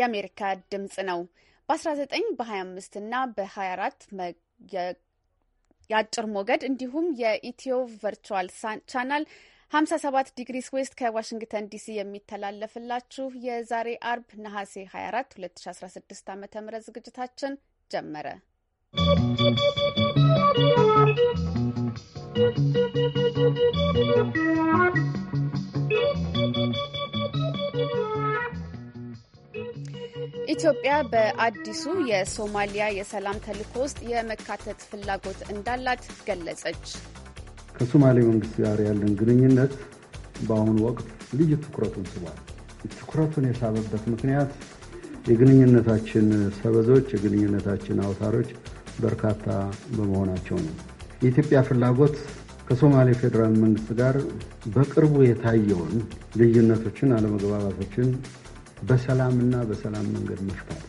የአሜሪካ ድምጽ ነው። በ19 በ25 እና በ24 የአጭር ሞገድ እንዲሁም የኢትዮ ቨርቹዋል ቻናል 57 ዲግሪስ ዌስት ከዋሽንግተን ዲሲ የሚተላለፍላችሁ የዛሬ አርብ ነሐሴ 24 2016 ዓ ም ዝግጅታችን ጀመረ። ¶¶ ኢትዮጵያ በአዲሱ የሶማሊያ የሰላም ተልዕኮ ውስጥ የመካተት ፍላጎት እንዳላት ገለጸች። ከሶማሌ መንግስት ጋር ያለን ግንኙነት በአሁኑ ወቅት ልዩ ትኩረቱን ስቧል። ትኩረቱን የሳበበት ምክንያት የግንኙነታችን ሰበዞች፣ የግንኙነታችን አውታሮች በርካታ በመሆናቸው ነው። የኢትዮጵያ ፍላጎት ከሶማሌ ፌዴራል መንግስት ጋር በቅርቡ የታየውን ልዩነቶችን፣ አለመግባባቶችን በሰላምና በሰላም መንገድ መፍታት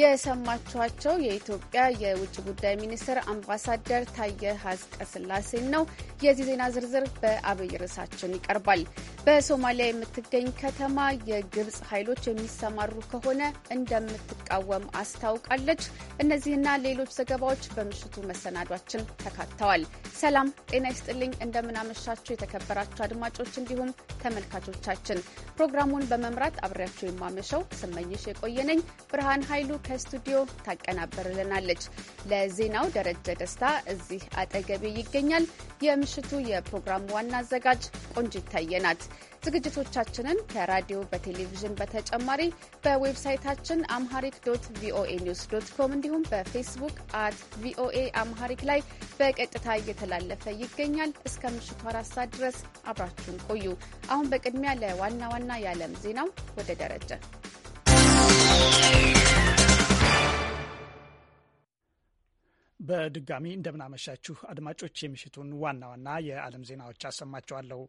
የሰማችኋቸው የኢትዮጵያ የውጭ ጉዳይ ሚኒስትር አምባሳደር ታየ ሀዝቀ ስላሴን ነው። የዚህ ዜና ዝርዝር በአብይ ርዕሳችን ይቀርባል። በሶማሊያ የምትገኝ ከተማ የግብጽ ኃይሎች የሚሰማሩ ከሆነ እንደምትቃወም አስታውቃለች። እነዚህና ሌሎች ዘገባዎች በምሽቱ መሰናዷችን ተካተዋል። ሰላም ጤና ይስጥልኝ። እንደምናመሻችሁ የተከበራችሁ አድማጮች እንዲሁም ተመልካቾቻችን ፕሮግራሙን በመምራት አብሬያችሁ የማመሸው ስመኝሽ የቆየነኝ። ብርሃን ኃይሉ ከስቱዲዮ ታቀናበርልናለች። ለዜናው ደረጀ ደስታ እዚህ አጠገቤ ይገኛል። የምሽቱ የፕሮግራሙ ዋና አዘጋጅ ቆንጅ ይታየናል። ዝግጅቶቻችንን ከራዲዮ በቴሌቪዥን በተጨማሪ በዌብሳይታችን አምሃሪክ ዶት ቪኦኤ ኒውስ ዶት ኮም እንዲሁም በፌስቡክ አት ቪኦኤ አምሃሪክ ላይ በቀጥታ እየተላለፈ ይገኛል። እስከ ምሽቱ አራት ሰዓት ድረስ አብራችሁን ቆዩ። አሁን በቅድሚያ ለዋና ዋና የዓለም ዜናው ወደ ደረጀ በድጋሚ እንደምናመሻችሁ አድማጮች፣ የምሽቱን ዋና ዋና የዓለም ዜናዎች አሰማችኋለሁ።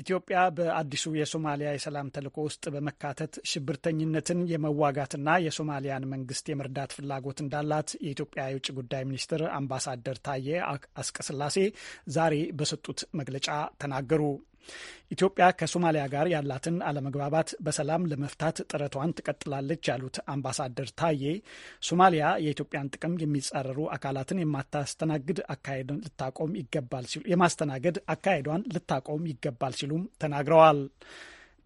ኢትዮጵያ በአዲሱ የሶማሊያ የሰላም ተልዕኮ ውስጥ በመካተት ሽብርተኝነትን የመዋጋትና የሶማሊያን መንግስት የመርዳት ፍላጎት እንዳላት የኢትዮጵያ የውጭ ጉዳይ ሚኒስትር አምባሳደር ታዬ አስቀስላሴ ዛሬ በሰጡት መግለጫ ተናገሩ። ኢትዮጵያ ከሶማሊያ ጋር ያላትን አለመግባባት በሰላም ለመፍታት ጥረቷን ትቀጥላለች ያሉት አምባሳደር ታዬ ሶማሊያ የኢትዮጵያን ጥቅም የሚጻረሩ አካላትን የማታስተናግድ አካሄድን ልታቆም ይገባል ሲሉ የማስተናገድ አካሄዷን ልታቆም ይገባል ሲሉም ተናግረዋል።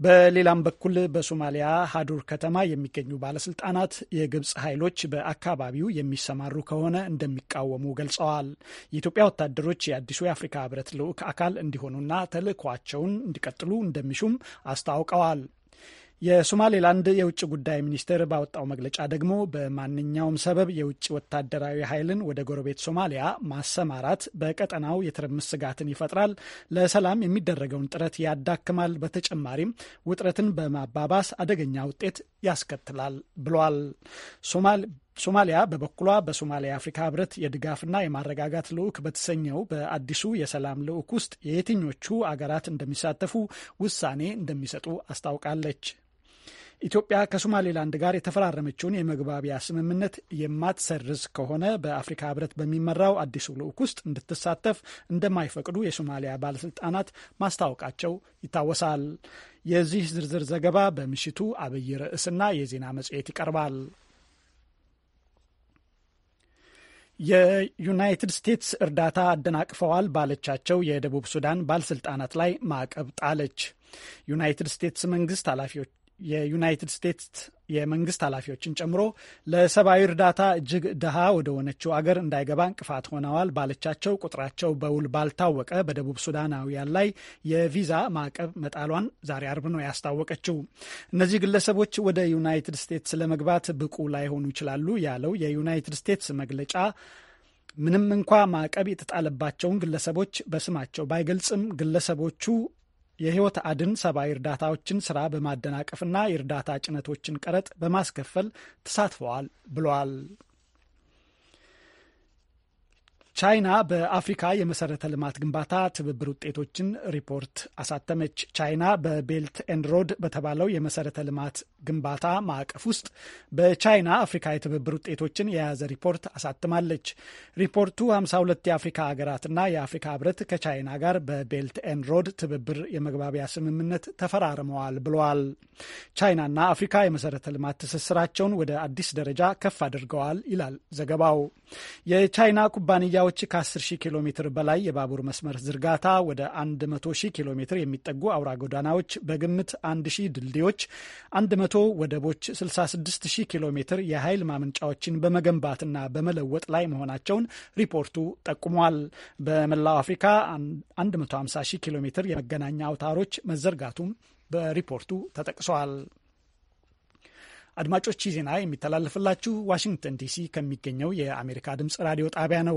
በሌላም በኩል በሶማሊያ ሀዱር ከተማ የሚገኙ ባለስልጣናት የግብፅ ኃይሎች በአካባቢው የሚሰማሩ ከሆነ እንደሚቃወሙ ገልጸዋል። የኢትዮጵያ ወታደሮች የአዲሱ የአፍሪካ ህብረት ልዑክ አካል እንዲሆኑና ተልዕኳቸውን እንዲቀጥሉ እንደሚሹም አስታውቀዋል። የሶማሌላንድ የውጭ ጉዳይ ሚኒስቴር ባወጣው መግለጫ ደግሞ በማንኛውም ሰበብ የውጭ ወታደራዊ ኃይልን ወደ ጎረቤት ሶማሊያ ማሰማራት በቀጠናው የትርምስ ስጋትን ይፈጥራል፣ ለሰላም የሚደረገውን ጥረት ያዳክማል፣ በተጨማሪም ውጥረትን በማባባስ አደገኛ ውጤት ያስከትላል ብሏል። ሶማሊያ በበኩሏ በሶማሊያ የአፍሪካ ህብረት የድጋፍና የማረጋጋት ልዑክ በተሰኘው በአዲሱ የሰላም ልዑክ ውስጥ የየትኞቹ አገራት እንደሚሳተፉ ውሳኔ እንደሚሰጡ አስታውቃለች። ኢትዮጵያ ከሶማሌላንድ ጋር የተፈራረመችውን የመግባቢያ ስምምነት የማትሰርዝ ከሆነ በአፍሪካ ህብረት በሚመራው አዲሱ ልዑክ ውስጥ እንድትሳተፍ እንደማይፈቅዱ የሶማሊያ ባለስልጣናት ማስታወቃቸው ይታወሳል። የዚህ ዝርዝር ዘገባ በምሽቱ አብይ ርዕስና የዜና መጽሔት ይቀርባል። የዩናይትድ ስቴትስ እርዳታ አደናቅፈዋል ባለቻቸው የደቡብ ሱዳን ባለስልጣናት ላይ ማዕቀብ ጣለች። ዩናይትድ ስቴትስ መንግስት ኃላፊዎች የዩናይትድ ስቴትስ የመንግስት ኃላፊዎችን ጨምሮ ለሰብአዊ እርዳታ እጅግ ድሃ ወደ ሆነችው አገር እንዳይገባ እንቅፋት ሆነዋል ባለቻቸው ቁጥራቸው በውል ባልታወቀ በደቡብ ሱዳናውያን ላይ የቪዛ ማዕቀብ መጣሏን ዛሬ አርብ ነው ያስታወቀችው። እነዚህ ግለሰቦች ወደ ዩናይትድ ስቴትስ ለመግባት ብቁ ላይሆኑ ይችላሉ ያለው የዩናይትድ ስቴትስ መግለጫ ምንም እንኳ ማዕቀብ የተጣለባቸውን ግለሰቦች በስማቸው ባይገልጽም ግለሰቦቹ የህይወት አድን ሰብአዊ እርዳታዎችን ስራ በማደናቀፍና የእርዳታ ጭነቶችን ቀረጥ በማስከፈል ተሳትፈዋል ብለዋል። ቻይና በአፍሪካ የመሰረተ ልማት ግንባታ ትብብር ውጤቶችን ሪፖርት አሳተመች። ቻይና በቤልት ኤንድ ሮድ በተባለው የመሰረተ ልማት ግንባታ ማዕቀፍ ውስጥ በቻይና አፍሪካ የትብብር ውጤቶችን የያዘ ሪፖርት አሳትማለች። ሪፖርቱ 52 የአፍሪካ ሀገራትና የአፍሪካ ህብረት ከቻይና ጋር በቤልት ኤንድ ሮድ ትብብር የመግባቢያ ስምምነት ተፈራርመዋል ብለዋል። ቻይናና አፍሪካ የመሰረተ ልማት ትስስራቸውን ወደ አዲስ ደረጃ ከፍ አድርገዋል ይላል ዘገባው። የቻይና ኩባንያ ማሻሻያዎች ከ10,000 ኪሎ ሜትር በላይ የባቡር መስመር ዝርጋታ፣ ወደ 100,000 ኪሎ ሜትር የሚጠጉ አውራ ጎዳናዎች፣ በግምት ሺህ ድልድዮች፣ 100 ወደቦች፣ 66 ኪሎ ሜትር የኃይል ማመንጫዎችን በመገንባትና በመለወጥ ላይ መሆናቸውን ሪፖርቱ ጠቁሟል። በመላው አፍሪካ 150,000 ኪሎ ሜትር የመገናኛ አውታሮች መዘርጋቱም በሪፖርቱ ተጠቅሷል። አድማጮች ዜና የሚተላለፍላችሁ ዋሽንግተን ዲሲ ከሚገኘው የአሜሪካ ድምፅ ራዲዮ ጣቢያ ነው።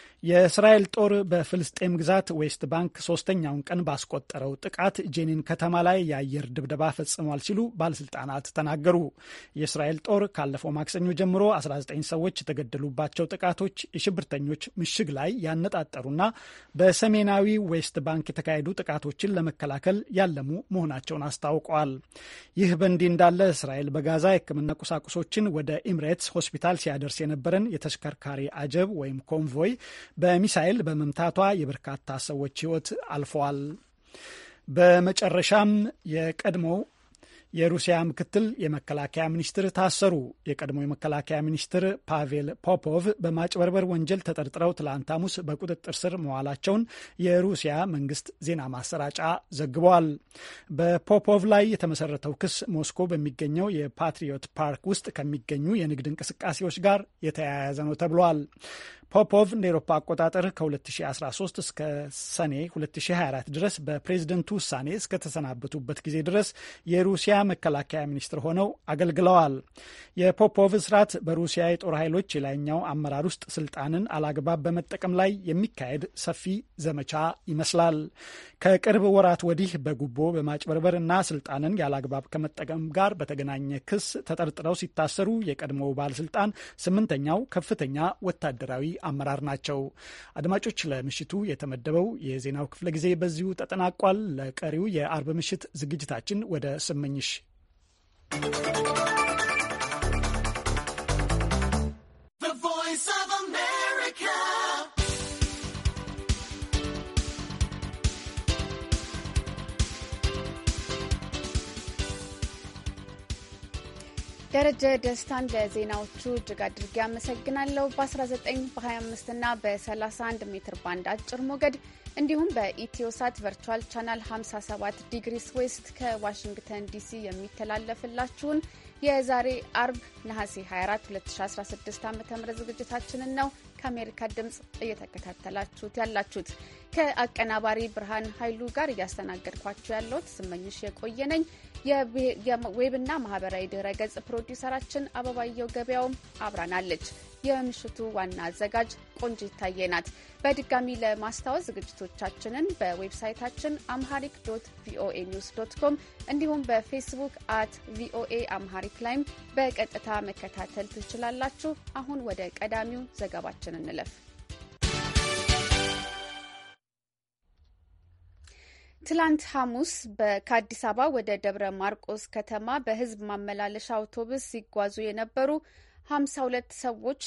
የእስራኤል ጦር በፍልስጤም ግዛት ዌስት ባንክ ሶስተኛውን ቀን ባስቆጠረው ጥቃት ጄኒን ከተማ ላይ የአየር ድብደባ ፈጽሟል ሲሉ ባለስልጣናት ተናገሩ። የእስራኤል ጦር ካለፈው ማክሰኞ ጀምሮ 19 ሰዎች የተገደሉባቸው ጥቃቶች የሽብርተኞች ምሽግ ላይ ያነጣጠሩና በሰሜናዊ ዌስት ባንክ የተካሄዱ ጥቃቶችን ለመከላከል ያለሙ መሆናቸውን አስታውቀዋል። ይህ በእንዲህ እንዳለ እስራኤል በጋዛ የሕክምና ቁሳቁሶችን ወደ ኢምሬትስ ሆስፒታል ሲያደርስ የነበረን የተሽከርካሪ አጀብ ወይም ኮንቮይ በሚሳኤል በመምታቷ የበርካታ ሰዎች ሕይወት አልፈዋል። በመጨረሻም የቀድሞው የሩሲያ ምክትል የመከላከያ ሚኒስትር ታሰሩ። የቀድሞ የመከላከያ ሚኒስትር ፓቬል ፖፖቭ በማጭበርበር ወንጀል ተጠርጥረው ትላንት ሐሙስ በቁጥጥር ስር መዋላቸውን የሩሲያ መንግስት ዜና ማሰራጫ ዘግቧል። በፖፖቭ ላይ የተመሰረተው ክስ ሞስኮ በሚገኘው የፓትሪዮት ፓርክ ውስጥ ከሚገኙ የንግድ እንቅስቃሴዎች ጋር የተያያዘ ነው ተብሏል። ፖፖቭ እንደ ኤሮፓ አቆጣጠር ከ2013 እስከ ሰኔ 2024 ድረስ በፕሬዝደንቱ ውሳኔ እስከተሰናበቱበት ጊዜ ድረስ የሩሲያ መከላከያ ሚኒስትር ሆነው አገልግለዋል። የፖፖቭ እስራት በሩሲያ የጦር ኃይሎች የላይኛው አመራር ውስጥ ስልጣንን አላግባብ በመጠቀም ላይ የሚካሄድ ሰፊ ዘመቻ ይመስላል። ከቅርብ ወራት ወዲህ በጉቦ በማጭበርበር እና ስልጣንን ያላግባብ ከመጠቀም ጋር በተገናኘ ክስ ተጠርጥረው ሲታሰሩ የቀድሞው ባለስልጣን ስምንተኛው ከፍተኛ ወታደራዊ አመራር ናቸው። አድማጮች፣ ለምሽቱ የተመደበው የዜናው ክፍለ ጊዜ በዚሁ ተጠናቋል። ለቀሪው የአርብ ምሽት ዝግጅታችን ወደ ስመኝሽ ደረጀ ደስታን ለዜናዎቹ እጅግ አድርጌ አመሰግናለሁ። በ19 በ25 እና በ31 ሜትር ባንድ አጭር ሞገድ እንዲሁም በኢትዮሳት ቨርቹዋል ቻናል 57 ዲግሪስ ዌስት ከዋሽንግተን ዲሲ የሚተላለፍላችሁን የዛሬ አርብ ነሐሴ 24 2016 ዓ ም ዝግጅታችንን ነው ከአሜሪካ ድምፅ እየተከታተላችሁት ያላችሁት። ከአቀናባሪ ብርሃን ኃይሉ ጋር እያስተናገድኳችሁ ያለሁት ስመኝሽ የቆየ ነኝ። የዌብና ማህበራዊ ድረ ገጽ ፕሮዲውሰራችን አበባየው ገበያውም አብራናለች። የምሽቱ ዋና አዘጋጅ ቆንጂት ታዬ ናት። በድጋሚ ለማስታወስ ዝግጅቶቻችንን በዌብሳይታችን አምሃሪክ ዶት ቪኦኤ ኒውስ ዶት ኮም እንዲሁም በፌስቡክ አት ቪኦኤ አምሃሪክ ላይም በቀጥታ መከታተል ትችላላችሁ። አሁን ወደ ቀዳሚው ዘገባችን እንለፍ። ትላንት ሐሙስ ከአዲስ አበባ ወደ ደብረ ማርቆስ ከተማ በህዝብ ማመላለሻ አውቶቡስ ሲጓዙ የነበሩ ሀምሳ ሁለት ሰዎች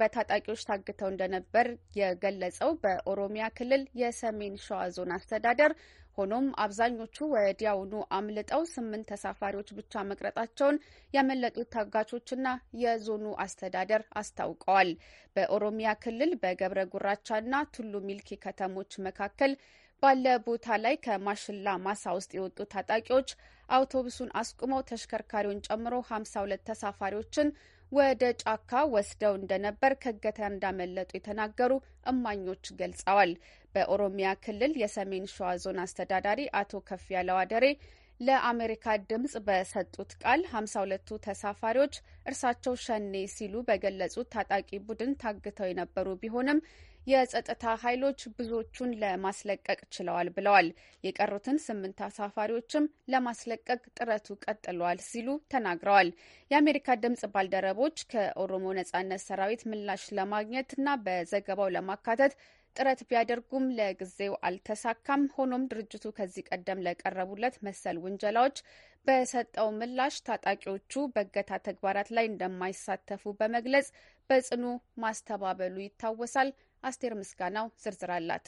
በታጣቂዎች ታግተው እንደነበር የገለጸው በኦሮሚያ ክልል የሰሜን ሸዋ ዞን አስተዳደር ሆኖም አብዛኞቹ ወዲያውኑ አምልጠው ስምንት ተሳፋሪዎች ብቻ መቅረጣቸውን ያመለጡት ታጋቾችና የዞኑ አስተዳደር አስታውቀዋል። በኦሮሚያ ክልል በገብረ ጉራቻና ቱሉ ሚልኪ ከተሞች መካከል ባለ ቦታ ላይ ከማሽላ ማሳ ውስጥ የወጡ ታጣቂዎች አውቶቡሱን አስቁመው ተሽከርካሪውን ጨምሮ 52 ተሳፋሪዎችን ወደ ጫካ ወስደው እንደነበር ከእገታ እንዳመለጡ የተናገሩ እማኞች ገልጸዋል። በኦሮሚያ ክልል የሰሜን ሸዋ ዞን አስተዳዳሪ አቶ ከፍ ያለው አደሬ ለአሜሪካ ድምጽ በሰጡት ቃል 52ቱ ተሳፋሪዎች እርሳቸው ሸኔ ሲሉ በገለጹት ታጣቂ ቡድን ታግተው የነበሩ ቢሆንም የጸጥታ ኃይሎች ብዙዎቹን ለማስለቀቅ ችለዋል ብለዋል። የቀሩትን ስምንት አሳፋሪዎችም ለማስለቀቅ ጥረቱ ቀጥሏል ሲሉ ተናግረዋል። የአሜሪካ ድምጽ ባልደረቦች ከኦሮሞ ነጻነት ሰራዊት ምላሽ ለማግኘት እና በዘገባው ለማካተት ጥረት ቢያደርጉም ለጊዜው አልተሳካም። ሆኖም ድርጅቱ ከዚህ ቀደም ለቀረቡለት መሰል ውንጀላዎች በሰጠው ምላሽ ታጣቂዎቹ በእገታ ተግባራት ላይ እንደማይሳተፉ በመግለጽ በጽኑ ማስተባበሉ ይታወሳል። አስቴር ምስጋናው ዝርዝር አላት።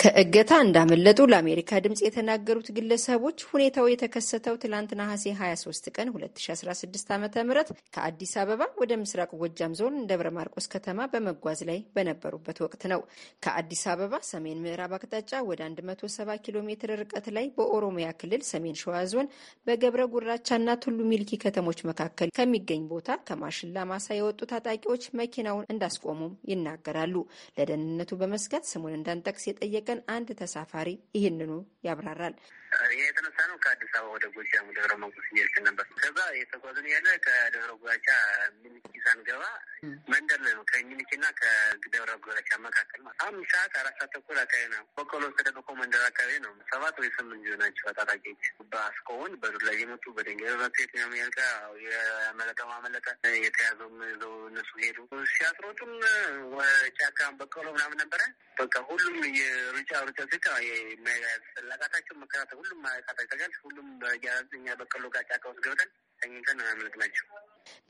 ከእገታ እንዳመለጡ ለአሜሪካ ድምፅ የተናገሩት ግለሰቦች ሁኔታው የተከሰተው ትላንት ነሐሴ 23 ቀን 2016 ዓ ም ከአዲስ አበባ ወደ ምስራቅ ጎጃም ዞን ደብረ ማርቆስ ከተማ በመጓዝ ላይ በነበሩበት ወቅት ነው። ከአዲስ አበባ ሰሜን ምዕራብ አቅጣጫ ወደ 170 ኪሎ ሜትር ርቀት ላይ በኦሮሚያ ክልል ሰሜን ሸዋ ዞን በገብረ ጉራቻና ቱሉ ሚልኪ ከተሞች መካከል ከሚገኝ ቦታ ከማሽላ ማሳ የወጡ ታጣቂዎች መኪናውን እንዳስቆሙም ይናገራሉ። ለደህንነቱ በመስጋት ስሙን እንዳንጠቅስ የጠየ የጠየቀን አንድ ተሳፋሪ ይህንኑ ያብራራል። ይህ የተነሳ ነው ከአዲስ አበባ ወደ ጎጃም ደብረ መንቁስ እየሄድን ነበር። ከዛ የተጓዝን ያለ ከደብረ ጎራቻ ሚኒኪ ሳንገባ መንደር ላይ ነው። ከሚኒኪና ከደብረ ጎራቻ መካከል ማለት አምስት ሰዓት አራት ሰዓት ተኩል አካባቢ ነው። በቆሎ ተደበቆ መንደር አካባቢ ነው። ሰባት ወይ ስምንት ናቸው አጣጣቂዎች በአስኮውን በዱር ላይ የመጡ በድንጋይ በመክት ነው ያልቃ የመለጠው አመለጠ። የተያዘውም ይዘው እነሱ ሄዱ። ሲያስሮጡም ጫካ በቆሎ ምናምን ነበረ። በቃ ሁሉም ሩጫ ሩጫ ሲቃ ላቃታቸው መከራተ ሁሉም ማቃታቸጋል ሁሉም በጃኛ በቀሎ ጋር ጫካ ውስጥ ገብተን ተኝተን አምልክ ናቸው።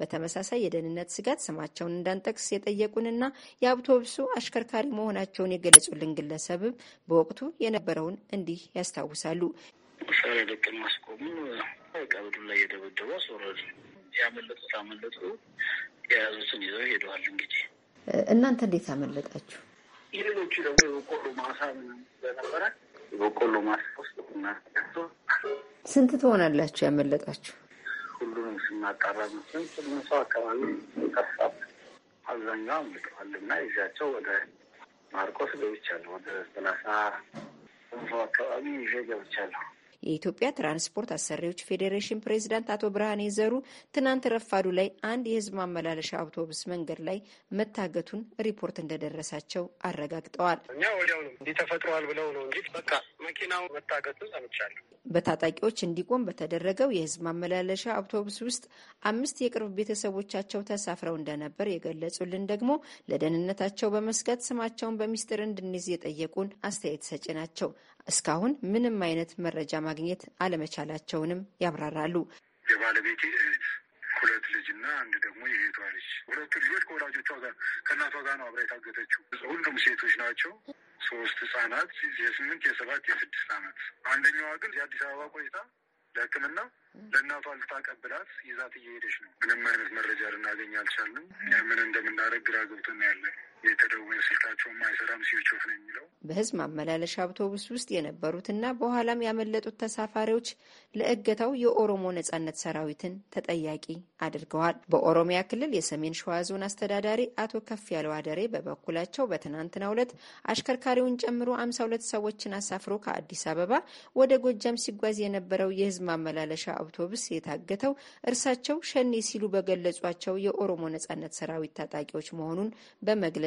በተመሳሳይ የደህንነት ስጋት ስማቸውን እንዳንጠቅስ የጠየቁንና የአውቶቡሱ አሽከርካሪ መሆናቸውን የገለጹልን ግለሰብም በወቅቱ የነበረውን እንዲህ ያስታውሳሉ። መሳሪያ ደቅን ማስቆሙ ቀብዱ ላይ የደበደበ አስወረዱ። ያመለጡት አመለጡ፣ የያዙትን ይዘው ሄደዋል። እንግዲህ እናንተ እንዴት አመለጣችሁ? የሌሎቹ ደግሞ የበቆሎ ማሳ በነበረ የበቆሎ ማሳ ውስጥ ቡና ተገቶ ስንት ትሆናላችሁ ያመለጣችሁ? ሁሉንም ስናጣራ ምስል ሁሉም ሰው አካባቢ ጠፋብ አብዛኛው አምልጠዋል እና ይዣቸው ወደ ማርቆስ ገብቻለሁ። ወደ ሰላሳ ሰው አካባቢ ይዤ ገብቻለሁ። የኢትዮጵያ ትራንስፖርት አሰሪዎች ፌዴሬሽን ፕሬዚዳንት አቶ ብርሃኔ ዘሩ ትናንት ረፋዱ ላይ አንድ የህዝብ ማመላለሻ አውቶቡስ መንገድ ላይ መታገቱን ሪፖርት እንደደረሳቸው አረጋግጠዋል። እኛ ወዲያው ነው እንዲህ ተፈጥሯል ብለው ነው እንጂ በቃ መኪናው መታገቱ ሰምቻለሁ። በታጣቂዎች እንዲቆም በተደረገው የህዝብ ማመላለሻ አውቶቡስ ውስጥ አምስት የቅርብ ቤተሰቦቻቸው ተሳፍረው እንደነበር የገለጹልን ደግሞ ለደህንነታቸው በመስጋት ስማቸውን በሚስጥር እንድንይዝ የጠየቁን አስተያየት ሰጪ ናቸው። እስካሁን ምንም አይነት መረጃ ማግኘት አለመቻላቸውንም ያብራራሉ። የባለቤቴ ሁለት ሁለት ልጅና አንድ ደግሞ የሄቷ ልጅ፣ ሁለቱ ልጆች ከወላጆቿ ጋር ከእናቷ ጋር ነው አብራ የታገተችው። ሁሉም ሴቶች ናቸው። ሶስት ህጻናት የስምንት የሰባት የስድስት አመት። አንደኛዋ ግን የአዲስ አበባ ቆይታ ለሕክምና ለእናቷ ልታቀብላት ይዛት እየሄደች ነው። ምንም አይነት መረጃ ልናገኝ አልቻለም ምን እንደምናደርግ ግራ ገብቶን ያለን የተደወለ ስልካቸውም አይሰራም ስዊች ነው የሚለው። በህዝብ ማመላለሻ አውቶቡስ ውስጥ የነበሩትና በኋላም ያመለጡት ተሳፋሪዎች ለእገታው የኦሮሞ ነጻነት ሰራዊትን ተጠያቂ አድርገዋል። በኦሮሚያ ክልል የሰሜን ሸዋ ዞን አስተዳዳሪ አቶ ከፍ ያለው አደሬ በበኩላቸው በትናንትናው ዕለት አሽከርካሪውን ጨምሮ አምሳ ሁለት ሰዎችን አሳፍሮ ከአዲስ አበባ ወደ ጎጃም ሲጓዝ የነበረው የህዝብ ማመላለሻ አውቶቡስ የታገተው እርሳቸው ሸኔ ሲሉ በገለጿቸው የኦሮሞ ነጻነት ሰራዊት ታጣቂዎች መሆኑን በመግለጽ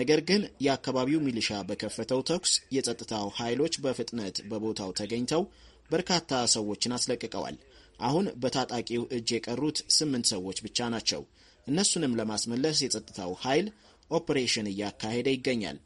ነገር ግን የአካባቢው ሚሊሻ በከፈተው ተኩስ የጸጥታው ኃይሎች በፍጥነት በቦታው ተገኝተው በርካታ ሰዎችን አስለቅቀዋል። አሁን በታጣቂው እጅ የቀሩት ስምንት ሰዎች ብቻ ናቸው። እነሱንም ለማስመለስ የጸጥታው ኃይል ኦፕሬሽን እያካሄደ ይገኛል።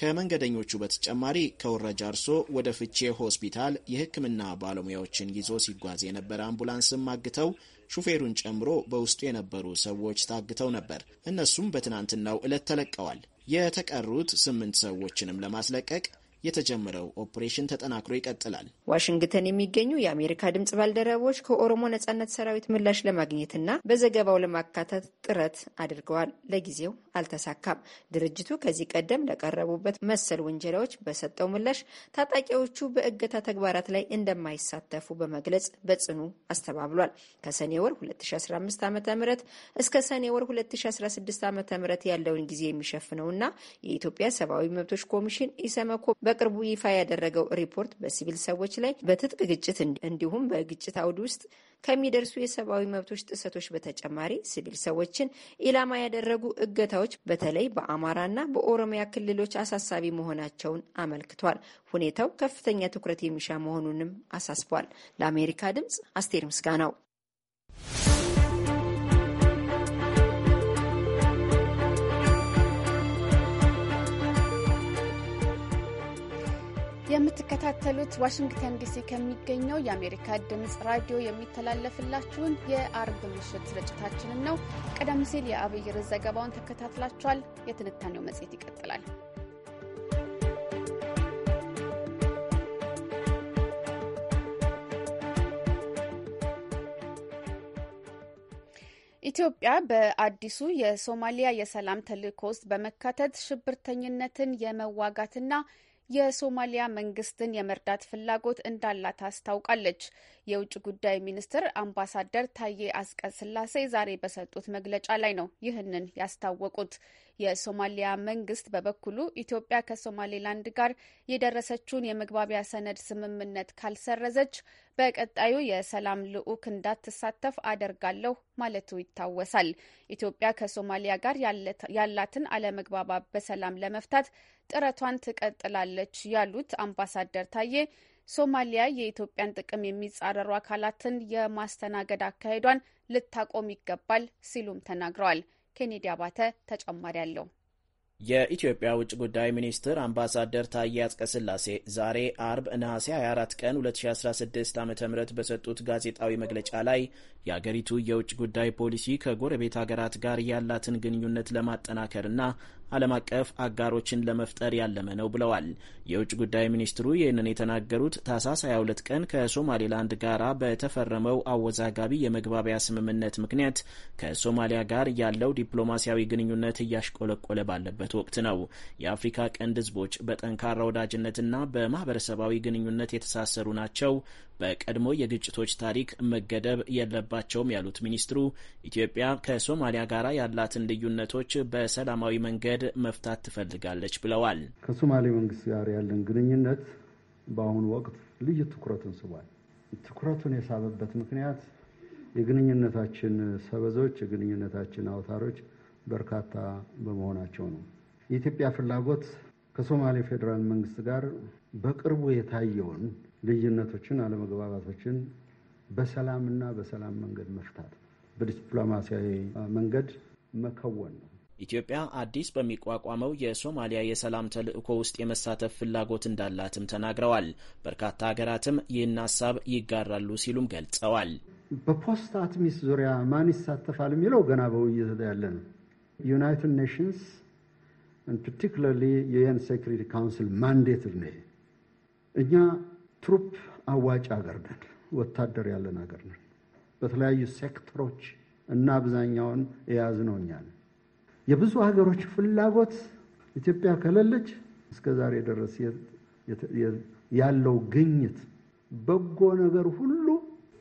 ከመንገደኞቹ በተጨማሪ ከወረ አርሶ ወደ ፍቼ ሆስፒታል የሕክምና ባለሙያዎችን ይዞ ሲጓዝ የነበረ አምቡላንስም አግተው ሹፌሩን ጨምሮ በውስጡ የነበሩ ሰዎች ታግተው ነበር። እነሱም በትናንትናው ዕለት ተለቀዋል። የተቀሩት ስምንት ሰዎችንም ለማስለቀቅ የተጀመረው ኦፕሬሽን ተጠናክሮ ይቀጥላል። ዋሽንግተን የሚገኙ የአሜሪካ ድምጽ ባልደረቦች ከኦሮሞ ነጻነት ሰራዊት ምላሽ ለማግኘትና በዘገባው ለማካተት ጥረት አድርገዋል። ለጊዜው አልተሳካም። ድርጅቱ ከዚህ ቀደም ለቀረቡበት መሰል ውንጀላዎች በሰጠው ምላሽ ታጣቂዎቹ በእገታ ተግባራት ላይ እንደማይሳተፉ በመግለጽ በጽኑ አስተባብሏል። ከሰኔ ወር 2015 ዓ ም እስከ ሰኔ ወር 2016 ዓ ም ያለውን ጊዜ የሚሸፍነውና የኢትዮጵያ ሰብአዊ መብቶች ኮሚሽን ኢሰመኮ በቅርቡ ይፋ ያደረገው ሪፖርት በሲቪል ሰዎች ላይ በትጥቅ ግጭት እንዲሁም በግጭት አውድ ውስጥ ከሚደርሱ የሰብአዊ መብቶች ጥሰቶች በተጨማሪ ሲቪል ሰዎችን ኢላማ ያደረጉ እገታዎች በተለይ በአማራና በኦሮሚያ ክልሎች አሳሳቢ መሆናቸውን አመልክቷል። ሁኔታው ከፍተኛ ትኩረት የሚሻ መሆኑንም አሳስቧል። ለአሜሪካ ድምጽ አስቴር ነው። የምትከታተሉት ዋሽንግተን ዲሲ ከሚገኘው የአሜሪካ ድምፅ ራዲዮ የሚተላለፍላችሁን የአርብ ምሽት ስርጭታችንን ነው። ቀደም ሲል የአብይር ዘገባውን ተከታትላችኋል። የትንታኔው መጽሔት ይቀጥላል። ኢትዮጵያ በአዲሱ የሶማሊያ የሰላም ተልእኮ ውስጥ በመካተት ሽብርተኝነትን የመዋጋትና የሶማሊያ መንግስትን የመርዳት ፍላጎት እንዳላት አስታውቃለች። የውጭ ጉዳይ ሚኒስትር አምባሳደር ታዬ አስቀስላሴ ዛሬ በሰጡት መግለጫ ላይ ነው ይህንን ያስታወቁት። የሶማሊያ መንግስት በበኩሉ ኢትዮጵያ ከሶማሌላንድ ጋር የደረሰችውን የመግባቢያ ሰነድ ስምምነት ካልሰረዘች በቀጣዩ የሰላም ልዑክ እንዳትሳተፍ አደርጋለሁ ማለቱ ይታወሳል። ኢትዮጵያ ከሶማሊያ ጋር ያላትን አለመግባባት በሰላም ለመፍታት ጥረቷን ትቀጥላለች ያሉት አምባሳደር ታዬ ሶማሊያ የኢትዮጵያን ጥቅም የሚጻረሩ አካላትን የማስተናገድ አካሄዷን ልታቆም ይገባል ሲሉም ተናግረዋል። ኬኔዲ አባተ ተጨማሪ አለው። የኢትዮጵያ ውጭ ጉዳይ ሚኒስትር አምባሳደር ታዬ አጽቀሥላሴ ዛሬ አርብ ነሐሴ 24 ቀን 2016 ዓ ም በሰጡት ጋዜጣዊ መግለጫ ላይ የአገሪቱ የውጭ ጉዳይ ፖሊሲ ከጎረቤት ሀገራት ጋር ያላትን ግንኙነት ለማጠናከርና ዓለም አቀፍ አጋሮችን ለመፍጠር ያለመ ነው ብለዋል። የውጭ ጉዳይ ሚኒስትሩ ይህንን የተናገሩት ታህሳስ 22 ቀን ከሶማሌላንድ ጋር በተፈረመው አወዛጋቢ የመግባቢያ ስምምነት ምክንያት ከሶማሊያ ጋር ያለው ዲፕሎማሲያዊ ግንኙነት እያሽቆለቆለ ባለበት ወቅት ነው። የአፍሪካ ቀንድ ህዝቦች በጠንካራ ወዳጅነትና በማህበረሰባዊ ግንኙነት የተሳሰሩ ናቸው በቀድሞ የግጭቶች ታሪክ መገደብ የለባቸውም ያሉት ሚኒስትሩ ኢትዮጵያ ከሶማሊያ ጋር ያላትን ልዩነቶች በሰላማዊ መንገድ መፍታት ትፈልጋለች ብለዋል። ከሶማሌ መንግስት ጋር ያለን ግንኙነት በአሁኑ ወቅት ልዩ ትኩረትን ስቧል። ትኩረቱን የሳበበት ምክንያት የግንኙነታችን ሰበዞች፣ የግንኙነታችን አውታሮች በርካታ በመሆናቸው ነው። የኢትዮጵያ ፍላጎት ከሶማሌ ፌዴራል መንግስት ጋር በቅርቡ የታየውን ልዩነቶችን፣ አለመግባባቶችን በሰላምና በሰላም መንገድ መፍታት በዲፕሎማሲያዊ መንገድ መከወን ነው። ኢትዮጵያ አዲስ በሚቋቋመው የሶማሊያ የሰላም ተልዕኮ ውስጥ የመሳተፍ ፍላጎት እንዳላትም ተናግረዋል። በርካታ ሀገራትም ይህን ሀሳብ ይጋራሉ ሲሉም ገልጸዋል። በፖስት አትሚስ ዙሪያ ማን ይሳተፋል የሚለው ገና በውይይት ያለ ነው። ዩናይትድ ኔሽንስ ፓርቲኩላርሊ የዩኤን ሴኩሪቲ ካውንስል ማንዴት ነው። እኛ ትሩፕ አዋጭ ሀገር ነን። ወታደር ያለን ሀገር ነን። በተለያዩ ሴክተሮች እና አብዛኛውን የያዝነው እኛ ነን። የብዙ ሀገሮች ፍላጎት ኢትዮጵያ ከሌለች እስከ ዛሬ ድረስ ያለው ግኝት በጎ ነገር ሁሉ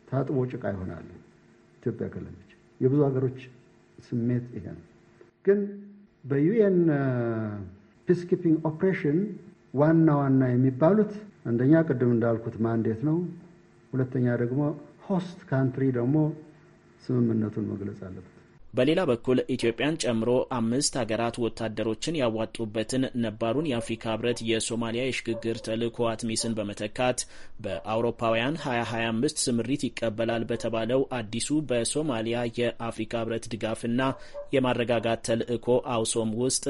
ታጥቦ ጭቃ ይሆናል። ኢትዮጵያ ከሌለች የብዙ ሀገሮች ስሜት ይሄ ነው። ግን በዩኤን ፒስኪፒንግ uh, ኦፕሬሽን ዋና ዋና የሚባሉት አንደኛ ቅድም እንዳልኩት ማንዴት ነው። ሁለተኛ ደግሞ ሆስት ካንትሪ ደግሞ ስምምነቱን መግለጽ አለበት። በሌላ በኩል ኢትዮጵያን ጨምሮ አምስት ሀገራት ወታደሮችን ያዋጡበትን ነባሩን የአፍሪካ ህብረት የሶማሊያ የሽግግር ተልዕኮ አትሚስን በመተካት በአውሮፓውያን 2025 ስምሪት ይቀበላል በተባለው አዲሱ በሶማሊያ የአፍሪካ ህብረት ድጋፍና የማረጋጋት ተልዕኮ አውሶም ውስጥ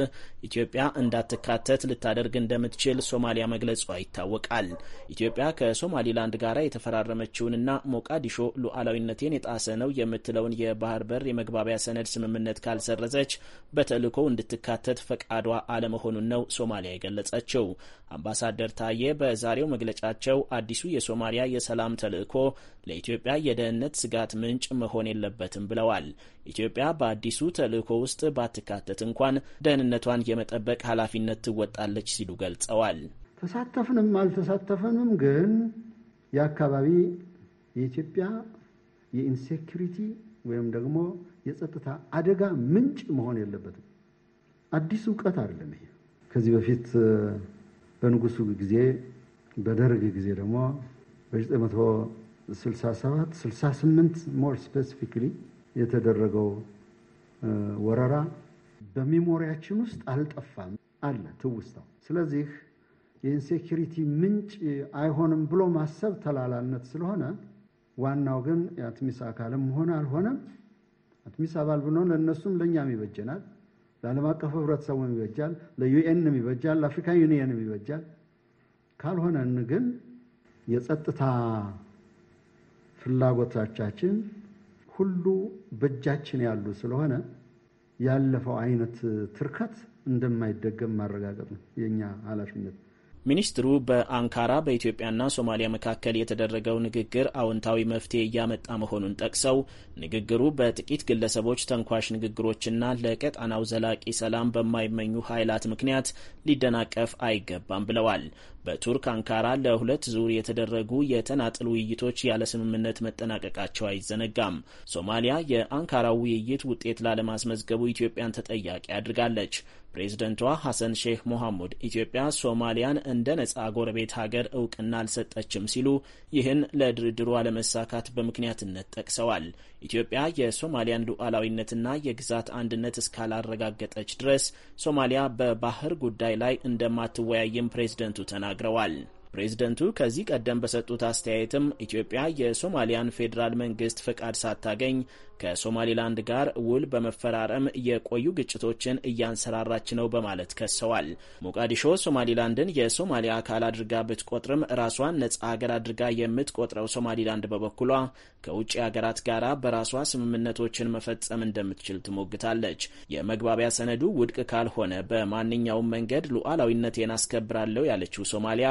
ኢትዮጵያ እንዳትካተት ልታደርግ እንደምትችል ሶማሊያ መግለጿ ይታወቃል። ኢትዮጵያ ከሶማሊላንድ ጋር የተፈራረመችውንና ሞቃዲሾ ሉዓላዊነቴን የጣሰ ነው የምትለውን የባህር በር የመግባቢያ ሰነድ ስምምነት ካልሰረዘች በተልእኮ እንድትካተት ፈቃዷ አለመሆኑን ነው ሶማሊያ የገለጸችው። አምባሳደር ታዬ በዛሬው መግለጫቸው አዲሱ የሶማሊያ የሰላም ተልእኮ ለኢትዮጵያ የደህንነት ስጋት ምንጭ መሆን የለበትም ብለዋል። ኢትዮጵያ በአዲሱ ተልእኮ ውስጥ ባትካተት እንኳን ደህንነቷን የመጠበቅ ኃላፊነት ትወጣለች ሲሉ ገልጸዋል። ተሳተፍንም አልተሳተፍንም ግን የአካባቢ የኢትዮጵያ የኢንሴኪሪቲ ወይም ደግሞ የጸጥታ አደጋ ምንጭ መሆን የለበትም። አዲስ እውቀት አይደለም ይሄ። ከዚህ በፊት በንጉሱ ጊዜ በደርግ ጊዜ ደግሞ በ 967 68 ሞር ስፔሲፊክሊ የተደረገው ወረራ በሜሞሪያችን ውስጥ አልጠፋም፣ አለ ትውስታው። ስለዚህ የኢንሴኪሪቲ ምንጭ አይሆንም ብሎ ማሰብ ተላላነት ስለሆነ ዋናው ግን የአትሚስ አካልም ሆነ አልሆነም አትሚስ አባል ብንሆን ለእነሱም ለእኛም ይበጀናል፣ ለዓለም አቀፉ ህብረተሰቡም ይበጃል፣ ለዩኤንም ይበጃል፣ ለአፍሪካ ዩኒየንም ይበጃል። ካልሆነን ግን የጸጥታ ፍላጎቶቻችን ሁሉ በእጃችን ያሉ ስለሆነ ያለፈው አይነት ትርከት እንደማይደገም ማረጋገጥ ነው የእኛ ኃላፊነት። ሚኒስትሩ በአንካራ በኢትዮጵያና ሶማሊያ መካከል የተደረገው ንግግር አዎንታዊ መፍትሄ እያመጣ መሆኑን ጠቅሰው ንግግሩ በጥቂት ግለሰቦች ተንኳሽ ንግግሮችና ለቀጣናው ዘላቂ ሰላም በማይመኙ ኃይላት ምክንያት ሊደናቀፍ አይገባም ብለዋል። በቱርክ አንካራ ለሁለት ዙር የተደረጉ የተናጥል ውይይቶች ያለ ስምምነት መጠናቀቃቸው አይዘነጋም። ሶማሊያ የአንካራው ውይይት ውጤት ላለማስመዝገቡ ኢትዮጵያን ተጠያቂ አድርጋለች። ፕሬዝደንቷ ሐሰን ሼህ ሞሐሙድ ኢትዮጵያ ሶማሊያን እንደ ነጻ ጎረቤት ሀገር እውቅና አልሰጠችም ሲሉ ይህን ለድርድሩ አለመሳካት በምክንያትነት ጠቅሰዋል። ኢትዮጵያ የሶማሊያን ሉዓላዊነትና የግዛት አንድነት እስካላረጋገጠች ድረስ ሶማሊያ በባህር ጉዳይ ላይ እንደማትወያይም ፕሬዝደንቱ ተናግረዋል። ተናግረዋል። ፕሬዝደንቱ ከዚህ ቀደም በሰጡት አስተያየትም ኢትዮጵያ የሶማሊያን ፌዴራል መንግስት ፈቃድ ሳታገኝ ከሶማሌላንድ ጋር ውል በመፈራረም የቆዩ ግጭቶችን እያንሰራራች ነው በማለት ከሰዋል። ሞቃዲሾ ሶማሌላንድን የሶማሊያ አካል አድርጋ ብትቆጥርም ራሷን ነጻ ሀገር አድርጋ የምትቆጥረው ሶማሌላንድ በበኩሏ ከውጭ ሀገራት ጋር በራሷ ስምምነቶችን መፈጸም እንደምትችል ትሞግታለች። የመግባቢያ ሰነዱ ውድቅ ካልሆነ በማንኛውም መንገድ ሉዓላዊነቴን አስከብራለሁ ያለችው ሶማሊያ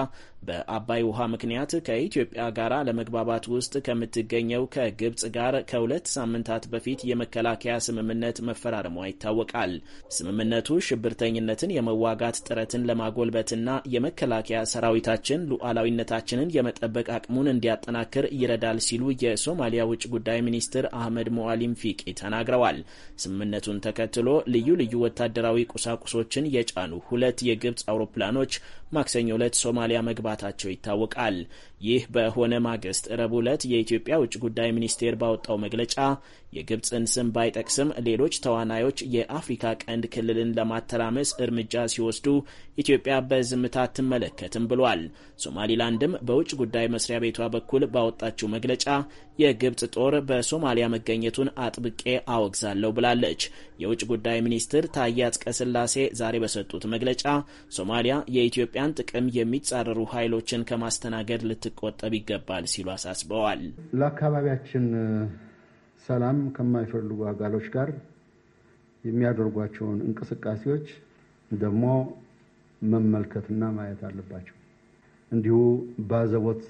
በአባይ ውሃ ምክንያት ከኢትዮጵያ ጋር ለመግባባት ውስጥ ከምትገኘው ከግብጽ ጋር ከሁለት ሳምንታት ከወራት በፊት የመከላከያ ስምምነት መፈራረሟ ይታወቃል። ስምምነቱ ሽብርተኝነትን የመዋጋት ጥረትን ለማጎልበትና የመከላከያ ሰራዊታችን ሉዓላዊነታችንን የመጠበቅ አቅሙን እንዲያጠናክር ይረዳል ሲሉ የሶማሊያ ውጭ ጉዳይ ሚኒስትር አህመድ ሞዋሊም ፊቂ ተናግረዋል። ስምምነቱን ተከትሎ ልዩ ልዩ ወታደራዊ ቁሳቁሶችን የጫኑ ሁለት የግብፅ አውሮፕላኖች ማክሰኞ ዕለት ሶማሊያ መግባታቸው ይታወቃል። ይህ በሆነ ማግስት ረቡዕ ዕለት የኢትዮጵያ ውጭ ጉዳይ ሚኒስቴር ባወጣው መግለጫ የግብፅን ስም ባይጠቅስም ሌሎች ተዋናዮች የአፍሪካ ቀንድ ክልልን ለማተራመስ እርምጃ ሲወስዱ ኢትዮጵያ በዝምታ አትመለከትም ብሏል። ሶማሊላንድም በውጭ ጉዳይ መስሪያ ቤቷ በኩል ባወጣችው መግለጫ የግብጽ ጦር በሶማሊያ መገኘቱን አጥብቄ አወግዛለሁ ብላለች። የውጭ ጉዳይ ሚኒስትር ታዬ አጽቀሥላሴ ዛሬ በሰጡት መግለጫ ሶማሊያ የኢትዮጵያን ጥቅም የሚጻረሩ ኃይሎችን ከማስተናገድ ልትቆጠብ ይገባል ሲሉ አሳስበዋል። ለአካባቢያችን ሰላም ከማይፈልጉ አጋሎች ጋር የሚያደርጓቸውን እንቅስቃሴዎች ደግሞ መመልከትና ማየት አለባቸው። እንዲሁ ባዘቦት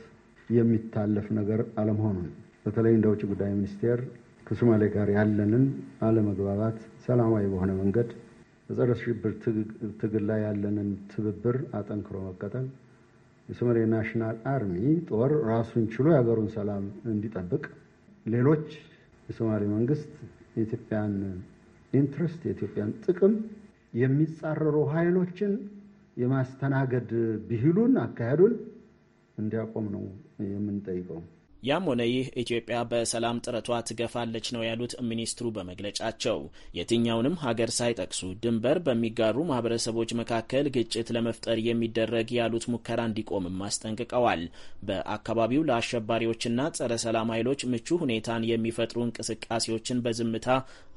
የሚታለፍ ነገር አለመሆኑን በተለይ እንደ ውጭ ጉዳይ ሚኒስቴር ከሶማሌ ጋር ያለንን አለመግባባት ሰላማዊ በሆነ መንገድ በጸረ ሽብር ትግል ላይ ያለንን ትብብር አጠንክሮ መቀጠል፣ የሶማሌ ናሽናል አርሚ ጦር ራሱን ችሎ የሀገሩን ሰላም እንዲጠብቅ፣ ሌሎች የሶማሌ መንግስት የኢትዮጵያን ኢንትረስት የኢትዮጵያን ጥቅም የሚጻረሩ ኃይሎችን የማስተናገድ ብሂሉን አካሄዱን እንዲያቆም ነው የምንጠይቀው። ያም ሆነ ይህ ኢትዮጵያ በሰላም ጥረቷ ትገፋለች ነው ያሉት ሚኒስትሩ በመግለጫቸው የትኛውንም ሀገር ሳይጠቅሱ ድንበር በሚጋሩ ማህበረሰቦች መካከል ግጭት ለመፍጠር የሚደረግ ያሉት ሙከራ እንዲቆምም አስጠንቅቀዋል። በአካባቢው ለአሸባሪዎችና ጸረ ሰላም ኃይሎች ምቹ ሁኔታን የሚፈጥሩ እንቅስቃሴዎችን በዝምታ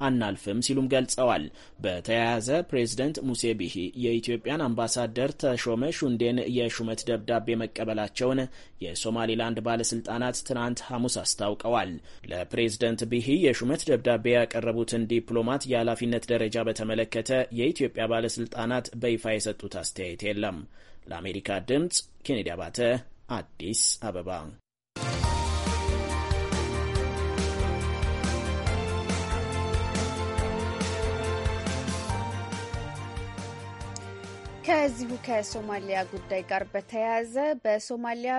አናልፍም ሲሉም ገልጸዋል። በተያያዘ ፕሬዝደንት ሙሴ ቢሂ የኢትዮጵያን አምባሳደር ተሾመ ሹንዴን የሹመት ደብዳቤ መቀበላቸውን የሶማሌላንድ ባለስልጣናት ትናንት ሐሙስ አስታውቀዋል። ለፕሬዝደንት ቢሂ የሹመት ደብዳቤ ያቀረቡትን ዲፕሎማት የኃላፊነት ደረጃ በተመለከተ የኢትዮጵያ ባለስልጣናት በይፋ የሰጡት አስተያየት የለም። ለአሜሪካ ድምፅ ኬኔዲ አባተ አዲስ አበባ ከዚሁ ከሶማሊያ ጉዳይ ጋር በተያያዘ በሶማሊያ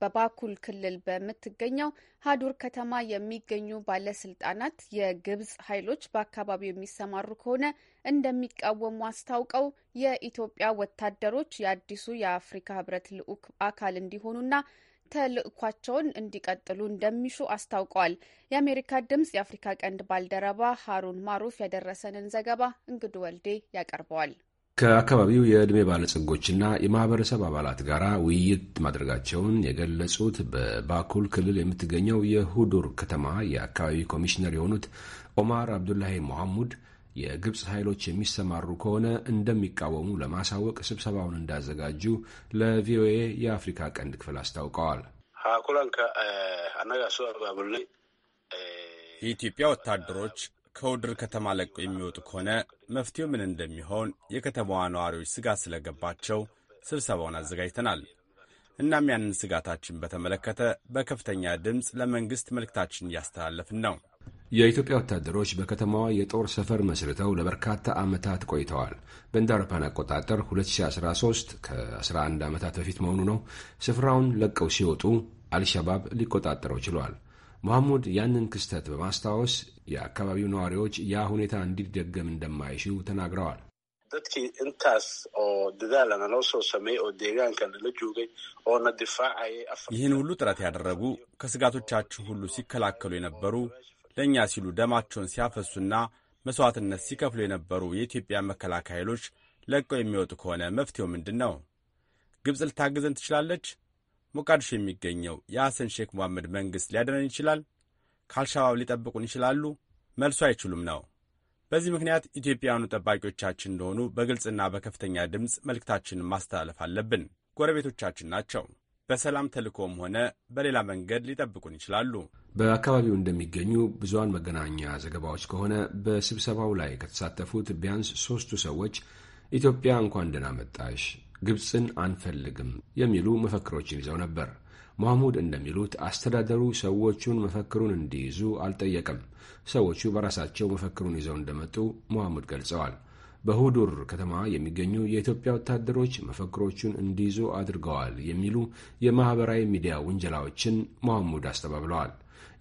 በባኩል ክልል በምትገኘው ሀዱር ከተማ የሚገኙ ባለስልጣናት የግብጽ ኃይሎች በአካባቢው የሚሰማሩ ከሆነ እንደሚቃወሙ አስታውቀው የኢትዮጵያ ወታደሮች የአዲሱ የአፍሪካ ሕብረት ልዑክ አካል እንዲሆኑና ተልእኳቸውን እንዲቀጥሉ እንደሚሹ አስታውቀዋል። የአሜሪካ ድምጽ የአፍሪካ ቀንድ ባልደረባ ሀሩን ማሩፍ ያደረሰንን ዘገባ እንግዱ ወልዴ ያቀርበዋል። ከአካባቢው የዕድሜ ባለጸጎችና የማህበረሰብ አባላት ጋር ውይይት ማድረጋቸውን የገለጹት በባኩል ክልል የምትገኘው የሁዱር ከተማ የአካባቢ ኮሚሽነር የሆኑት ኦማር አብዱላሂ ሞሐሙድ የግብፅ ኃይሎች የሚሰማሩ ከሆነ እንደሚቃወሙ ለማሳወቅ ስብሰባውን እንዳዘጋጁ ለቪኦኤ የአፍሪካ ቀንድ ክፍል አስታውቀዋል። የኢትዮጵያ ወታደሮች ከውድር ከተማ ለቀው የሚወጡ ከሆነ መፍትሄው ምን እንደሚሆን የከተማዋ ነዋሪዎች ስጋት ስለገባቸው ስብሰባውን አዘጋጅተናል። እናም ያንን ስጋታችን በተመለከተ በከፍተኛ ድምፅ ለመንግሥት መልእክታችን እያስተላለፍን ነው። የኢትዮጵያ ወታደሮች በከተማዋ የጦር ሰፈር መስርተው ለበርካታ ዓመታት ቆይተዋል። በእንደ አውሮፓን አቆጣጠር 2013 ከ11 ዓመታት በፊት መሆኑ ነው። ስፍራውን ለቀው ሲወጡ አልሸባብ ሊቆጣጠረው ችሏል። መሐሙድ ያንን ክስተት በማስታወስ የአካባቢው ነዋሪዎች ያ ሁኔታ እንዲደገም እንደማይሽው ተናግረዋል። dadkii intaas oo dadaalana noo soo sameeyey oo deegaanka nala joogay oo na difaacayay ይህን ሁሉ ጥረት ያደረጉ ከስጋቶቻችሁ ሁሉ ሲከላከሉ የነበሩ ለእኛ ሲሉ ደማቸውን ሲያፈሱና መሥዋዕትነት ሲከፍሉ የነበሩ የኢትዮጵያ መከላከያ ኃይሎች ለቀው የሚወጡ ከሆነ መፍትሄው ምንድን ነው? ግብፅ ልታግዘን ትችላለች። ሞቃዲሾ የሚገኘው የሐሰን ሼክ መሐመድ መንግሥት ሊያድነን ይችላል? ከአልሻባብ ሊጠብቁን ይችላሉ? መልሱ አይችሉም ነው። በዚህ ምክንያት ኢትዮጵያውያኑ ጠባቂዎቻችን እንደሆኑ በግልጽና በከፍተኛ ድምፅ መልእክታችንን ማስተላለፍ አለብን። ጎረቤቶቻችን ናቸው። በሰላም ተልእኮም ሆነ በሌላ መንገድ ሊጠብቁን ይችላሉ። በአካባቢው እንደሚገኙ ብዙሃን መገናኛ ዘገባዎች ከሆነ በስብሰባው ላይ ከተሳተፉት ቢያንስ ሦስቱ ሰዎች ኢትዮጵያ እንኳን ደህና መጣሽ ግብፅን አንፈልግም የሚሉ መፈክሮችን ይዘው ነበር። ማህሙድ እንደሚሉት አስተዳደሩ ሰዎቹን መፈክሩን እንዲይዙ አልጠየቀም። ሰዎቹ በራሳቸው መፈክሩን ይዘው እንደመጡ መሐሙድ ገልጸዋል። በሁዱር ከተማ የሚገኙ የኢትዮጵያ ወታደሮች መፈክሮቹን እንዲይዙ አድርገዋል የሚሉ የማኅበራዊ ሚዲያ ውንጀላዎችን መሐሙድ አስተባብለዋል።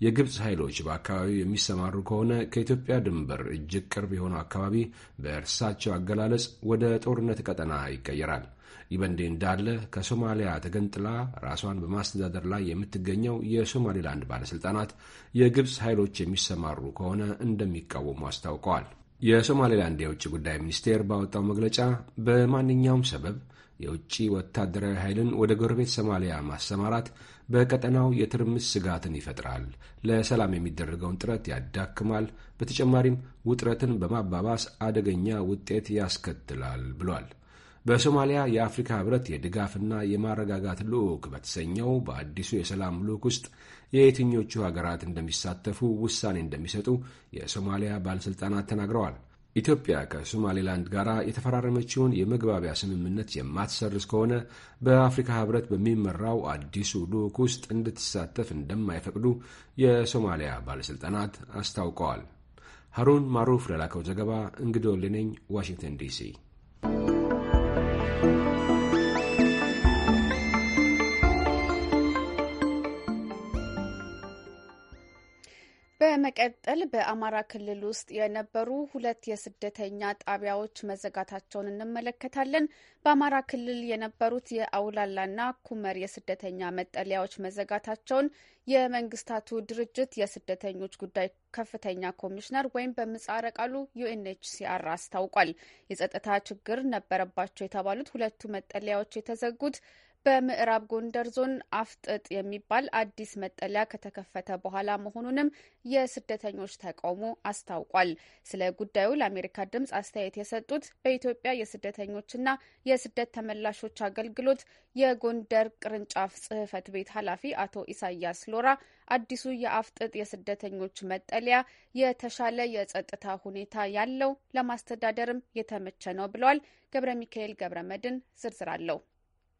የግብፅ ኃይሎች በአካባቢው የሚሰማሩ ከሆነ ከኢትዮጵያ ድንበር እጅግ ቅርብ የሆነው አካባቢ በእርሳቸው አገላለጽ ወደ ጦርነት ቀጠና ይቀየራል። ይህ በእንዲህ እንዳለ ከሶማሊያ ተገንጥላ ራሷን በማስተዳደር ላይ የምትገኘው የሶማሌላንድ ባለሥልጣናት የግብፅ ኃይሎች የሚሰማሩ ከሆነ እንደሚቃወሙ አስታውቀዋል። የሶማሌላንድ የውጭ ጉዳይ ሚኒስቴር ባወጣው መግለጫ በማንኛውም ሰበብ የውጭ ወታደራዊ ኃይልን ወደ ጎረቤት ሶማሊያ ማሰማራት በቀጠናው የትርምስ ስጋትን ይፈጥራል፣ ለሰላም የሚደረገውን ጥረት ያዳክማል፣ በተጨማሪም ውጥረትን በማባባስ አደገኛ ውጤት ያስከትላል ብሏል። በሶማሊያ የአፍሪካ ህብረት የድጋፍና የማረጋጋት ልዑክ በተሰኘው በአዲሱ የሰላም ልዑክ ውስጥ የየትኞቹ ሀገራት እንደሚሳተፉ ውሳኔ እንደሚሰጡ የሶማሊያ ባለሥልጣናት ተናግረዋል። ኢትዮጵያ ከሶማሌላንድ ጋር የተፈራረመችውን የመግባቢያ ስምምነት የማትሰርዝ ከሆነ በአፍሪካ ህብረት በሚመራው አዲሱ ልዑክ ውስጥ እንድትሳተፍ እንደማይፈቅዱ የሶማሊያ ባለሥልጣናት አስታውቀዋል። ሀሩን ማሩፍ ለላከው ዘገባ እንግዶ ልነኝ ዋሽንግተን ዲሲ በመቀጠል በአማራ ክልል ውስጥ የነበሩ ሁለት የስደተኛ ጣቢያዎች መዘጋታቸውን እንመለከታለን። በአማራ ክልል የነበሩት የአውላላና ኩመር የስደተኛ መጠለያዎች መዘጋታቸውን የመንግስታቱ ድርጅት የስደተኞች ጉዳይ ከፍተኛ ኮሚሽነር ወይም በምህጻረ ቃሉ ዩኤንኤችሲአር አስታውቋል። የጸጥታ ችግር ነበረባቸው የተባሉት ሁለቱ መጠለያዎች የተዘጉት በምዕራብ ጎንደር ዞን አፍጥጥ የሚባል አዲስ መጠለያ ከተከፈተ በኋላ መሆኑንም የስደተኞች ተቃውሞ አስታውቋል። ስለ ጉዳዩ ለአሜሪካ ድምፅ አስተያየት የሰጡት በኢትዮጵያ የስደተኞችና የስደት ተመላሾች አገልግሎት የጎንደር ቅርንጫፍ ጽህፈት ቤት ኃላፊ አቶ ኢሳያስ ሎራ አዲሱ የአፍጥጥ የስደተኞች መጠለያ የተሻለ የጸጥታ ሁኔታ ያለው ለማስተዳደርም የተመቸ ነው ብለዋል። ገብረ ሚካኤል ገብረ መድን ዝርዝር አለው።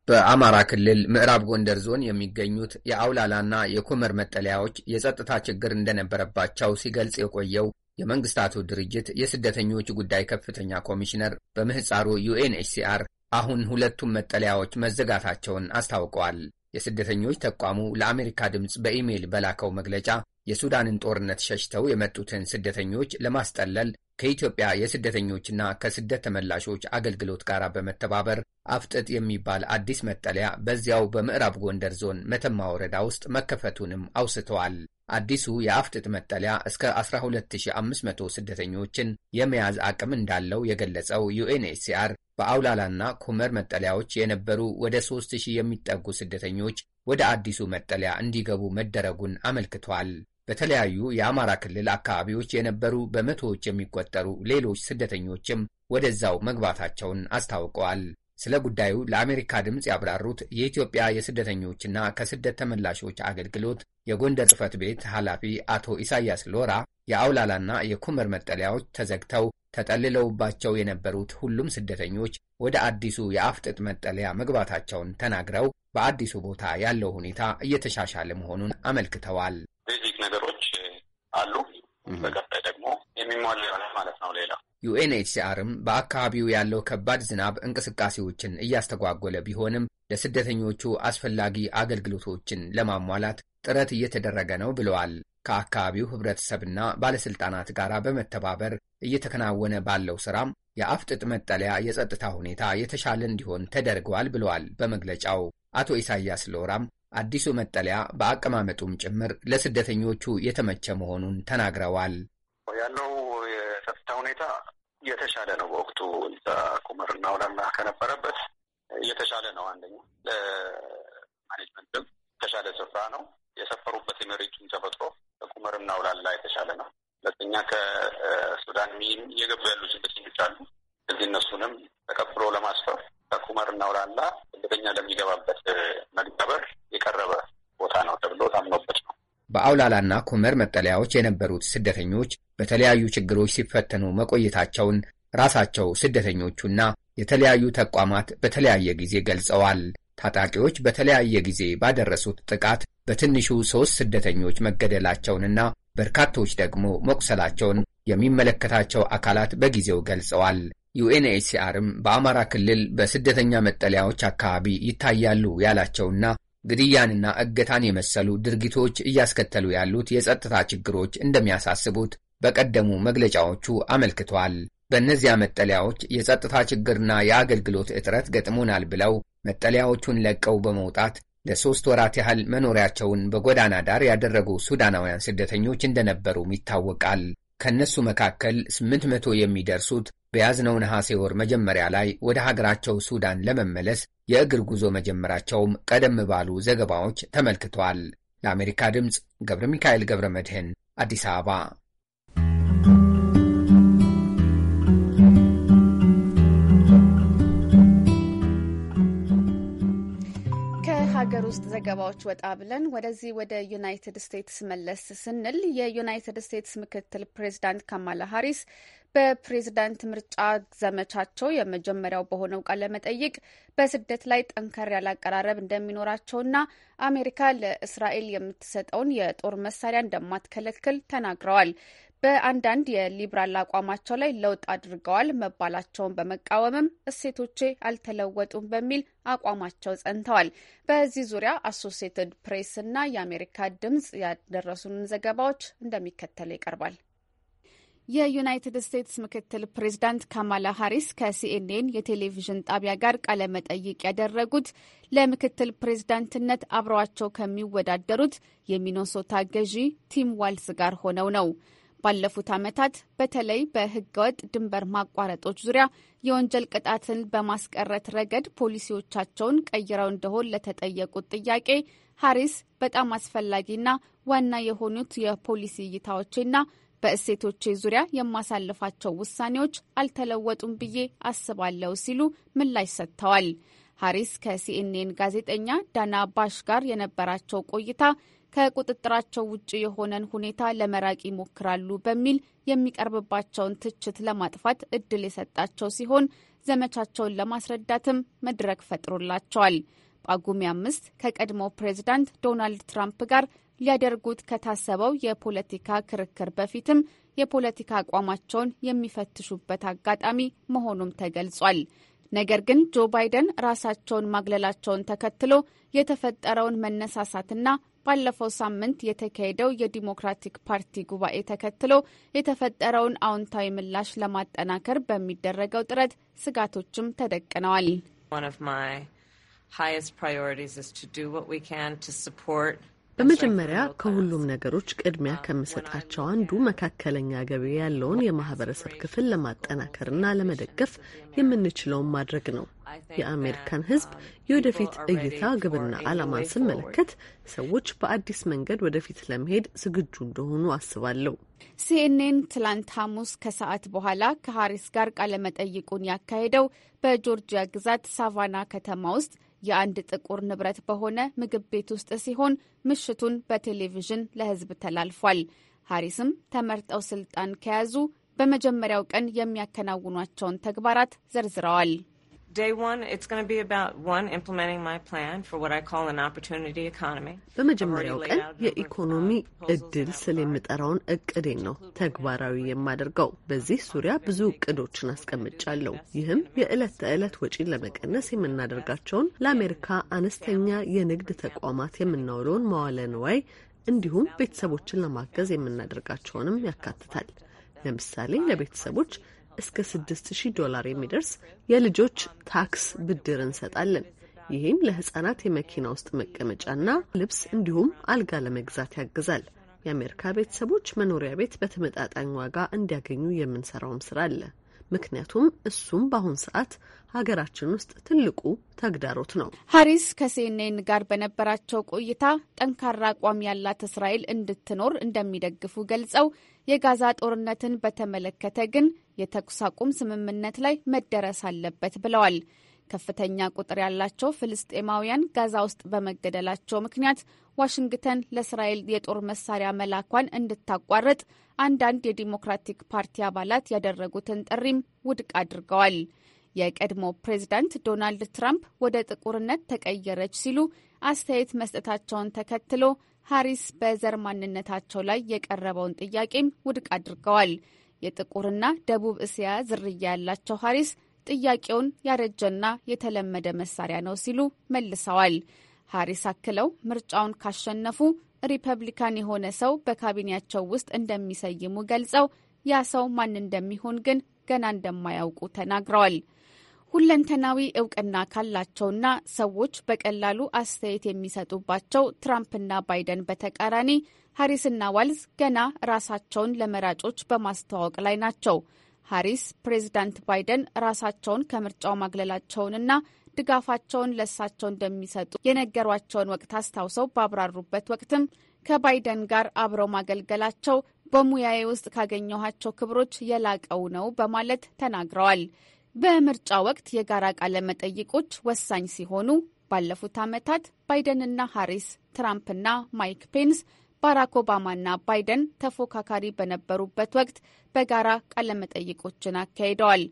በአማራ ክልል ምዕራብ ጎንደር ዞን የሚገኙት የአውላላና የኮመር መጠለያዎች የጸጥታ ችግር እንደነበረባቸው ሲገልጽ የቆየው የመንግስታቱ ድርጅት የስደተኞች ጉዳይ ከፍተኛ ኮሚሽነር በምህፃሩ ዩኤንኤችሲአር አሁን ሁለቱም መጠለያዎች መዘጋታቸውን አስታውቀዋል። የስደተኞች ተቋሙ ለአሜሪካ ድምፅ በኢሜይል በላከው መግለጫ የሱዳንን ጦርነት ሸሽተው የመጡትን ስደተኞች ለማስጠለል ከኢትዮጵያ የስደተኞችና ከስደት ተመላሾች አገልግሎት ጋር በመተባበር አፍጥጥ የሚባል አዲስ መጠለያ በዚያው በምዕራብ ጎንደር ዞን መተማ ወረዳ ውስጥ መከፈቱንም አውስተዋል። አዲሱ የአፍጥጥ መጠለያ እስከ 12500 ስደተኞችን የመያዝ አቅም እንዳለው የገለጸው ዩኤንኤችሲአር በአውላላና ኩመር መጠለያዎች የነበሩ ወደ 3000 የሚጠጉ ስደተኞች ወደ አዲሱ መጠለያ እንዲገቡ መደረጉን አመልክቷል። በተለያዩ የአማራ ክልል አካባቢዎች የነበሩ በመቶዎች የሚቆጠሩ ሌሎች ስደተኞችም ወደዛው መግባታቸውን አስታውቀዋል። ስለ ጉዳዩ ለአሜሪካ ድምፅ ያብራሩት የኢትዮጵያ የስደተኞችና ከስደት ተመላሾች አገልግሎት የጎንደር ጽፈት ቤት ኃላፊ አቶ ኢሳያስ ሎራ የአውላላና የኩመር መጠለያዎች ተዘግተው ተጠልለውባቸው የነበሩት ሁሉም ስደተኞች ወደ አዲሱ የአፍጥጥ መጠለያ መግባታቸውን ተናግረው በአዲሱ ቦታ ያለው ሁኔታ እየተሻሻለ መሆኑን አመልክተዋል። አሉ። በቀጣይ ደግሞ የሚሟሉ ይሆናል ማለት ነው። ሌላ ዩኤንኤችሲአርም በአካባቢው ያለው ከባድ ዝናብ እንቅስቃሴዎችን እያስተጓጎለ ቢሆንም ለስደተኞቹ አስፈላጊ አገልግሎቶችን ለማሟላት ጥረት እየተደረገ ነው ብለዋል። ከአካባቢው ህብረተሰብና ባለሥልጣናት ጋር በመተባበር እየተከናወነ ባለው ሥራም የአፍጥጥ መጠለያ የጸጥታ ሁኔታ የተሻለ እንዲሆን ተደርገዋል ብለዋል በመግለጫው። አቶ ኢሳያስ ሎራም አዲሱ መጠለያ በአቀማመጡም ጭምር ለስደተኞቹ የተመቸ መሆኑን ተናግረዋል። ያለው የጸጥታ ሁኔታ የተሻለ ነው። በወቅቱ ቁመርና ውላላ ከነበረበት የተሻለ ነው። አንደኛ ለማኔጅመንትም የተሻለ ስፍራ ነው። የሰፈሩበት የመሬቱን ተፈጥሮ ቁመርና ውላላ የተሻለ ነው። ሁለተኛ ከሱዳን እየገቡ ያሉ ስደተኞች አሉ። እዚህ እነሱንም ተቀብሎ ለማስፈር ከኩመርና ወራላ ስደተኛ ለሚገባበት መግባበር የቀረበ ቦታ ነው ተብሎ ታምኖበት ነው። በአውላላና ኩመር መጠለያዎች የነበሩት ስደተኞች በተለያዩ ችግሮች ሲፈተኑ መቆየታቸውን ራሳቸው ስደተኞቹና የተለያዩ ተቋማት በተለያየ ጊዜ ገልጸዋል። ታጣቂዎች በተለያየ ጊዜ ባደረሱት ጥቃት በትንሹ ሦስት ስደተኞች መገደላቸውንና በርካቶች ደግሞ መቁሰላቸውን የሚመለከታቸው አካላት በጊዜው ገልጸዋል። ዩኤንኤችሲአርም በአማራ ክልል በስደተኛ መጠለያዎች አካባቢ ይታያሉ ያላቸውና ግድያንና እገታን የመሰሉ ድርጊቶች እያስከተሉ ያሉት የጸጥታ ችግሮች እንደሚያሳስቡት በቀደሙ መግለጫዎቹ አመልክቷል። በእነዚያ መጠለያዎች የጸጥታ ችግርና የአገልግሎት እጥረት ገጥሞናል ብለው መጠለያዎቹን ለቀው በመውጣት ለሦስት ወራት ያህል መኖሪያቸውን በጎዳና ዳር ያደረጉ ሱዳናውያን ስደተኞች እንደነበሩም ይታወቃል። ከእነሱ መካከል ስምንት መቶ የሚደርሱት በያዝነው ነሐሴ ወር መጀመሪያ ላይ ወደ ሀገራቸው ሱዳን ለመመለስ የእግር ጉዞ መጀመራቸውም ቀደም ባሉ ዘገባዎች ተመልክቷል። ለአሜሪካ ድምፅ ገብረ ሚካኤል ገብረ መድህን አዲስ አበባ። ሀገር ውስጥ ዘገባዎች ወጣ ብለን ወደዚህ ወደ ዩናይትድ ስቴትስ መለስ ስንል የዩናይትድ ስቴትስ ምክትል ፕሬዚዳንት ካማላ ሀሪስ በፕሬዝዳንት ምርጫ ዘመቻቸው የመጀመሪያው በሆነው ቃለመጠይቅ በስደት ላይ ጠንከር ያለ አቀራረብ እንደሚኖራቸውና አሜሪካ ለእስራኤል የምትሰጠውን የጦር መሳሪያ እንደማትከለክል ተናግረዋል። በአንዳንድ የሊብራል አቋማቸው ላይ ለውጥ አድርገዋል መባላቸውን በመቃወምም እሴቶቼ አልተለወጡም በሚል አቋማቸው ጸንተዋል። በዚህ ዙሪያ አሶሴትድ ፕሬስ እና የአሜሪካ ድምጽ ያደረሱንን ዘገባዎች እንደሚከተለው ይቀርባል። የዩናይትድ ስቴትስ ምክትል ፕሬዚዳንት ካማላ ሀሪስ ከሲኤንኤን የቴሌቪዥን ጣቢያ ጋር ቃለ መጠይቅ ያደረጉት ለምክትል ፕሬዝዳንትነት አብረዋቸው ከሚወዳደሩት የሚኖሶታ ገዢ ቲም ዋልስ ጋር ሆነው ነው። ባለፉት ዓመታት በተለይ በህገወጥ ድንበር ማቋረጦች ዙሪያ የወንጀል ቅጣትን በማስቀረት ረገድ ፖሊሲዎቻቸውን ቀይረው እንደሆን ለተጠየቁት ጥያቄ ሀሪስ በጣም አስፈላጊና ዋና የሆኑት የፖሊሲ እይታዎችና በእሴቶቼ ዙሪያ የማሳልፋቸው ውሳኔዎች አልተለወጡም ብዬ አስባለሁ ሲሉ ምላሽ ሰጥተዋል። ሀሪስ ከሲኤንኤን ጋዜጠኛ ዳና ባሽ ጋር የነበራቸው ቆይታ ከቁጥጥራቸው ውጭ የሆነን ሁኔታ ለመራቅ ይሞክራሉ በሚል የሚቀርብባቸውን ትችት ለማጥፋት እድል የሰጣቸው ሲሆን ዘመቻቸውን ለማስረዳትም መድረክ ፈጥሮላቸዋል። ጳጉሜ አምስት ከቀድሞው ፕሬዚዳንት ዶናልድ ትራምፕ ጋር ሊያደርጉት ከታሰበው የፖለቲካ ክርክር በፊትም የፖለቲካ አቋማቸውን የሚፈትሹበት አጋጣሚ መሆኑም ተገልጿል። ነገር ግን ጆ ባይደን ራሳቸውን ማግለላቸውን ተከትሎ የተፈጠረውን መነሳሳትና ባለፈው ሳምንት የተካሄደው የዲሞክራቲክ ፓርቲ ጉባኤ ተከትሎ የተፈጠረውን አዎንታዊ ምላሽ ለማጠናከር በሚደረገው ጥረት ስጋቶችም ተደቅነዋል። በመጀመሪያ ከሁሉም ነገሮች ቅድሚያ ከምሰጣቸው አንዱ መካከለኛ ገቢ ያለውን የማህበረሰብ ክፍል ለማጠናከርና ለመደገፍ የምንችለውን ማድረግ ነው። የአሜሪካን ሕዝብ የወደፊት እይታ ግብና ዓላማን ስመለከት ሰዎች በአዲስ መንገድ ወደፊት ለመሄድ ዝግጁ እንደሆኑ አስባለሁ። ሲኤንኤን ትላንት ሐሙስ ከሰዓት በኋላ ከሀሪስ ጋር ቃለመጠይቁን ያካሄደው በጆርጂያ ግዛት ሳቫና ከተማ ውስጥ የአንድ ጥቁር ንብረት በሆነ ምግብ ቤት ውስጥ ሲሆን ምሽቱን በቴሌቪዥን ለሕዝብ ተላልፏል። ሀሪስም ተመርጠው ስልጣን ከያዙ በመጀመሪያው ቀን የሚያከናውኗቸውን ተግባራት ዘርዝረዋል። በመጀመሪያው ቀን uh, የኢኮኖሚ እድል ስል የምጠራውን እቅዴን ነው ተግባራዊ የማደርገው። በዚህ ዙሪያ ብዙ እቅዶችን አስቀምጫለሁ። ይህም የዕለት ተዕለት ወጪን ለመቀነስ የምናደርጋቸውን ለአሜሪካ አነስተኛ የንግድ ተቋማት የምናውለውን መዋለ ንዋይ እንዲሁም ቤተሰቦችን ለማገዝ የምናደርጋቸውንም ያካትታል። ለምሳሌ ለቤተሰቦች እስከ 6000 ዶላር የሚደርስ የልጆች ታክስ ብድር እንሰጣለን። ይህም ለህጻናት የመኪና ውስጥ መቀመጫና ልብስ እንዲሁም አልጋ ለመግዛት ያግዛል። የአሜሪካ ቤተሰቦች መኖሪያ ቤት በተመጣጣኝ ዋጋ እንዲያገኙ የምንሰራውም ስራ አለ። ምክንያቱም እሱም በአሁን ሰዓት ሀገራችን ውስጥ ትልቁ ተግዳሮት ነው። ሀሪስ ከሲኤንኤን ጋር በነበራቸው ቆይታ ጠንካራ አቋም ያላት እስራኤል እንድትኖር እንደሚደግፉ ገልጸው የጋዛ ጦርነትን በተመለከተ ግን የተኩስ አቁም ስምምነት ላይ መደረስ አለበት ብለዋል። ከፍተኛ ቁጥር ያላቸው ፍልስጤማውያን ጋዛ ውስጥ በመገደላቸው ምክንያት ዋሽንግተን ለእስራኤል የጦር መሳሪያ መላኳን እንድታቋርጥ አንዳንድ የዲሞክራቲክ ፓርቲ አባላት ያደረጉትን ጥሪም ውድቅ አድርገዋል። የቀድሞ ፕሬዝዳንት ዶናልድ ትራምፕ ወደ ጥቁርነት ተቀየረች ሲሉ አስተያየት መስጠታቸውን ተከትሎ ሃሪስ በዘር ማንነታቸው ላይ የቀረበውን ጥያቄም ውድቅ አድርገዋል። የጥቁርና ደቡብ እስያ ዝርያ ያላቸው ሃሪስ ጥያቄውን ያረጀና የተለመደ መሳሪያ ነው ሲሉ መልሰዋል። ሃሪስ አክለው ምርጫውን ካሸነፉ ሪፐብሊካን የሆነ ሰው በካቢኔያቸው ውስጥ እንደሚሰይሙ ገልጸው ያ ሰው ማን እንደሚሆን ግን ገና እንደማያውቁ ተናግረዋል። ሁለንተናዊ እውቅና ካላቸውና ሰዎች በቀላሉ አስተያየት የሚሰጡባቸው ትራምፕና ባይደን በተቃራኒ ሀሪስና ዋልዝ ገና ራሳቸውን ለመራጮች በማስተዋወቅ ላይ ናቸው። ሀሪስ ፕሬዚዳንት ባይደን ራሳቸውን ከምርጫው ማግለላቸውንና ድጋፋቸውን ለእሳቸው እንደሚሰጡ የነገሯቸውን ወቅት አስታውሰው ባብራሩበት ወቅትም ከባይደን ጋር አብረው ማገልገላቸው በሙያዬ ውስጥ ካገኘኋቸው ክብሮች የላቀው ነው በማለት ተናግረዋል። በምርጫ ወቅት የጋራ ቃለ መጠይቆች ወሳኝ ሲሆኑ ባለፉት ዓመታት ባይደንና ሃሪስ፣ ትራምፕና ማይክ ፔንስ፣ ባራክ ኦባማና ባይደን ተፎካካሪ በነበሩበት ወቅት በጋራ ቃለመጠይቆችን አካሂደዋል።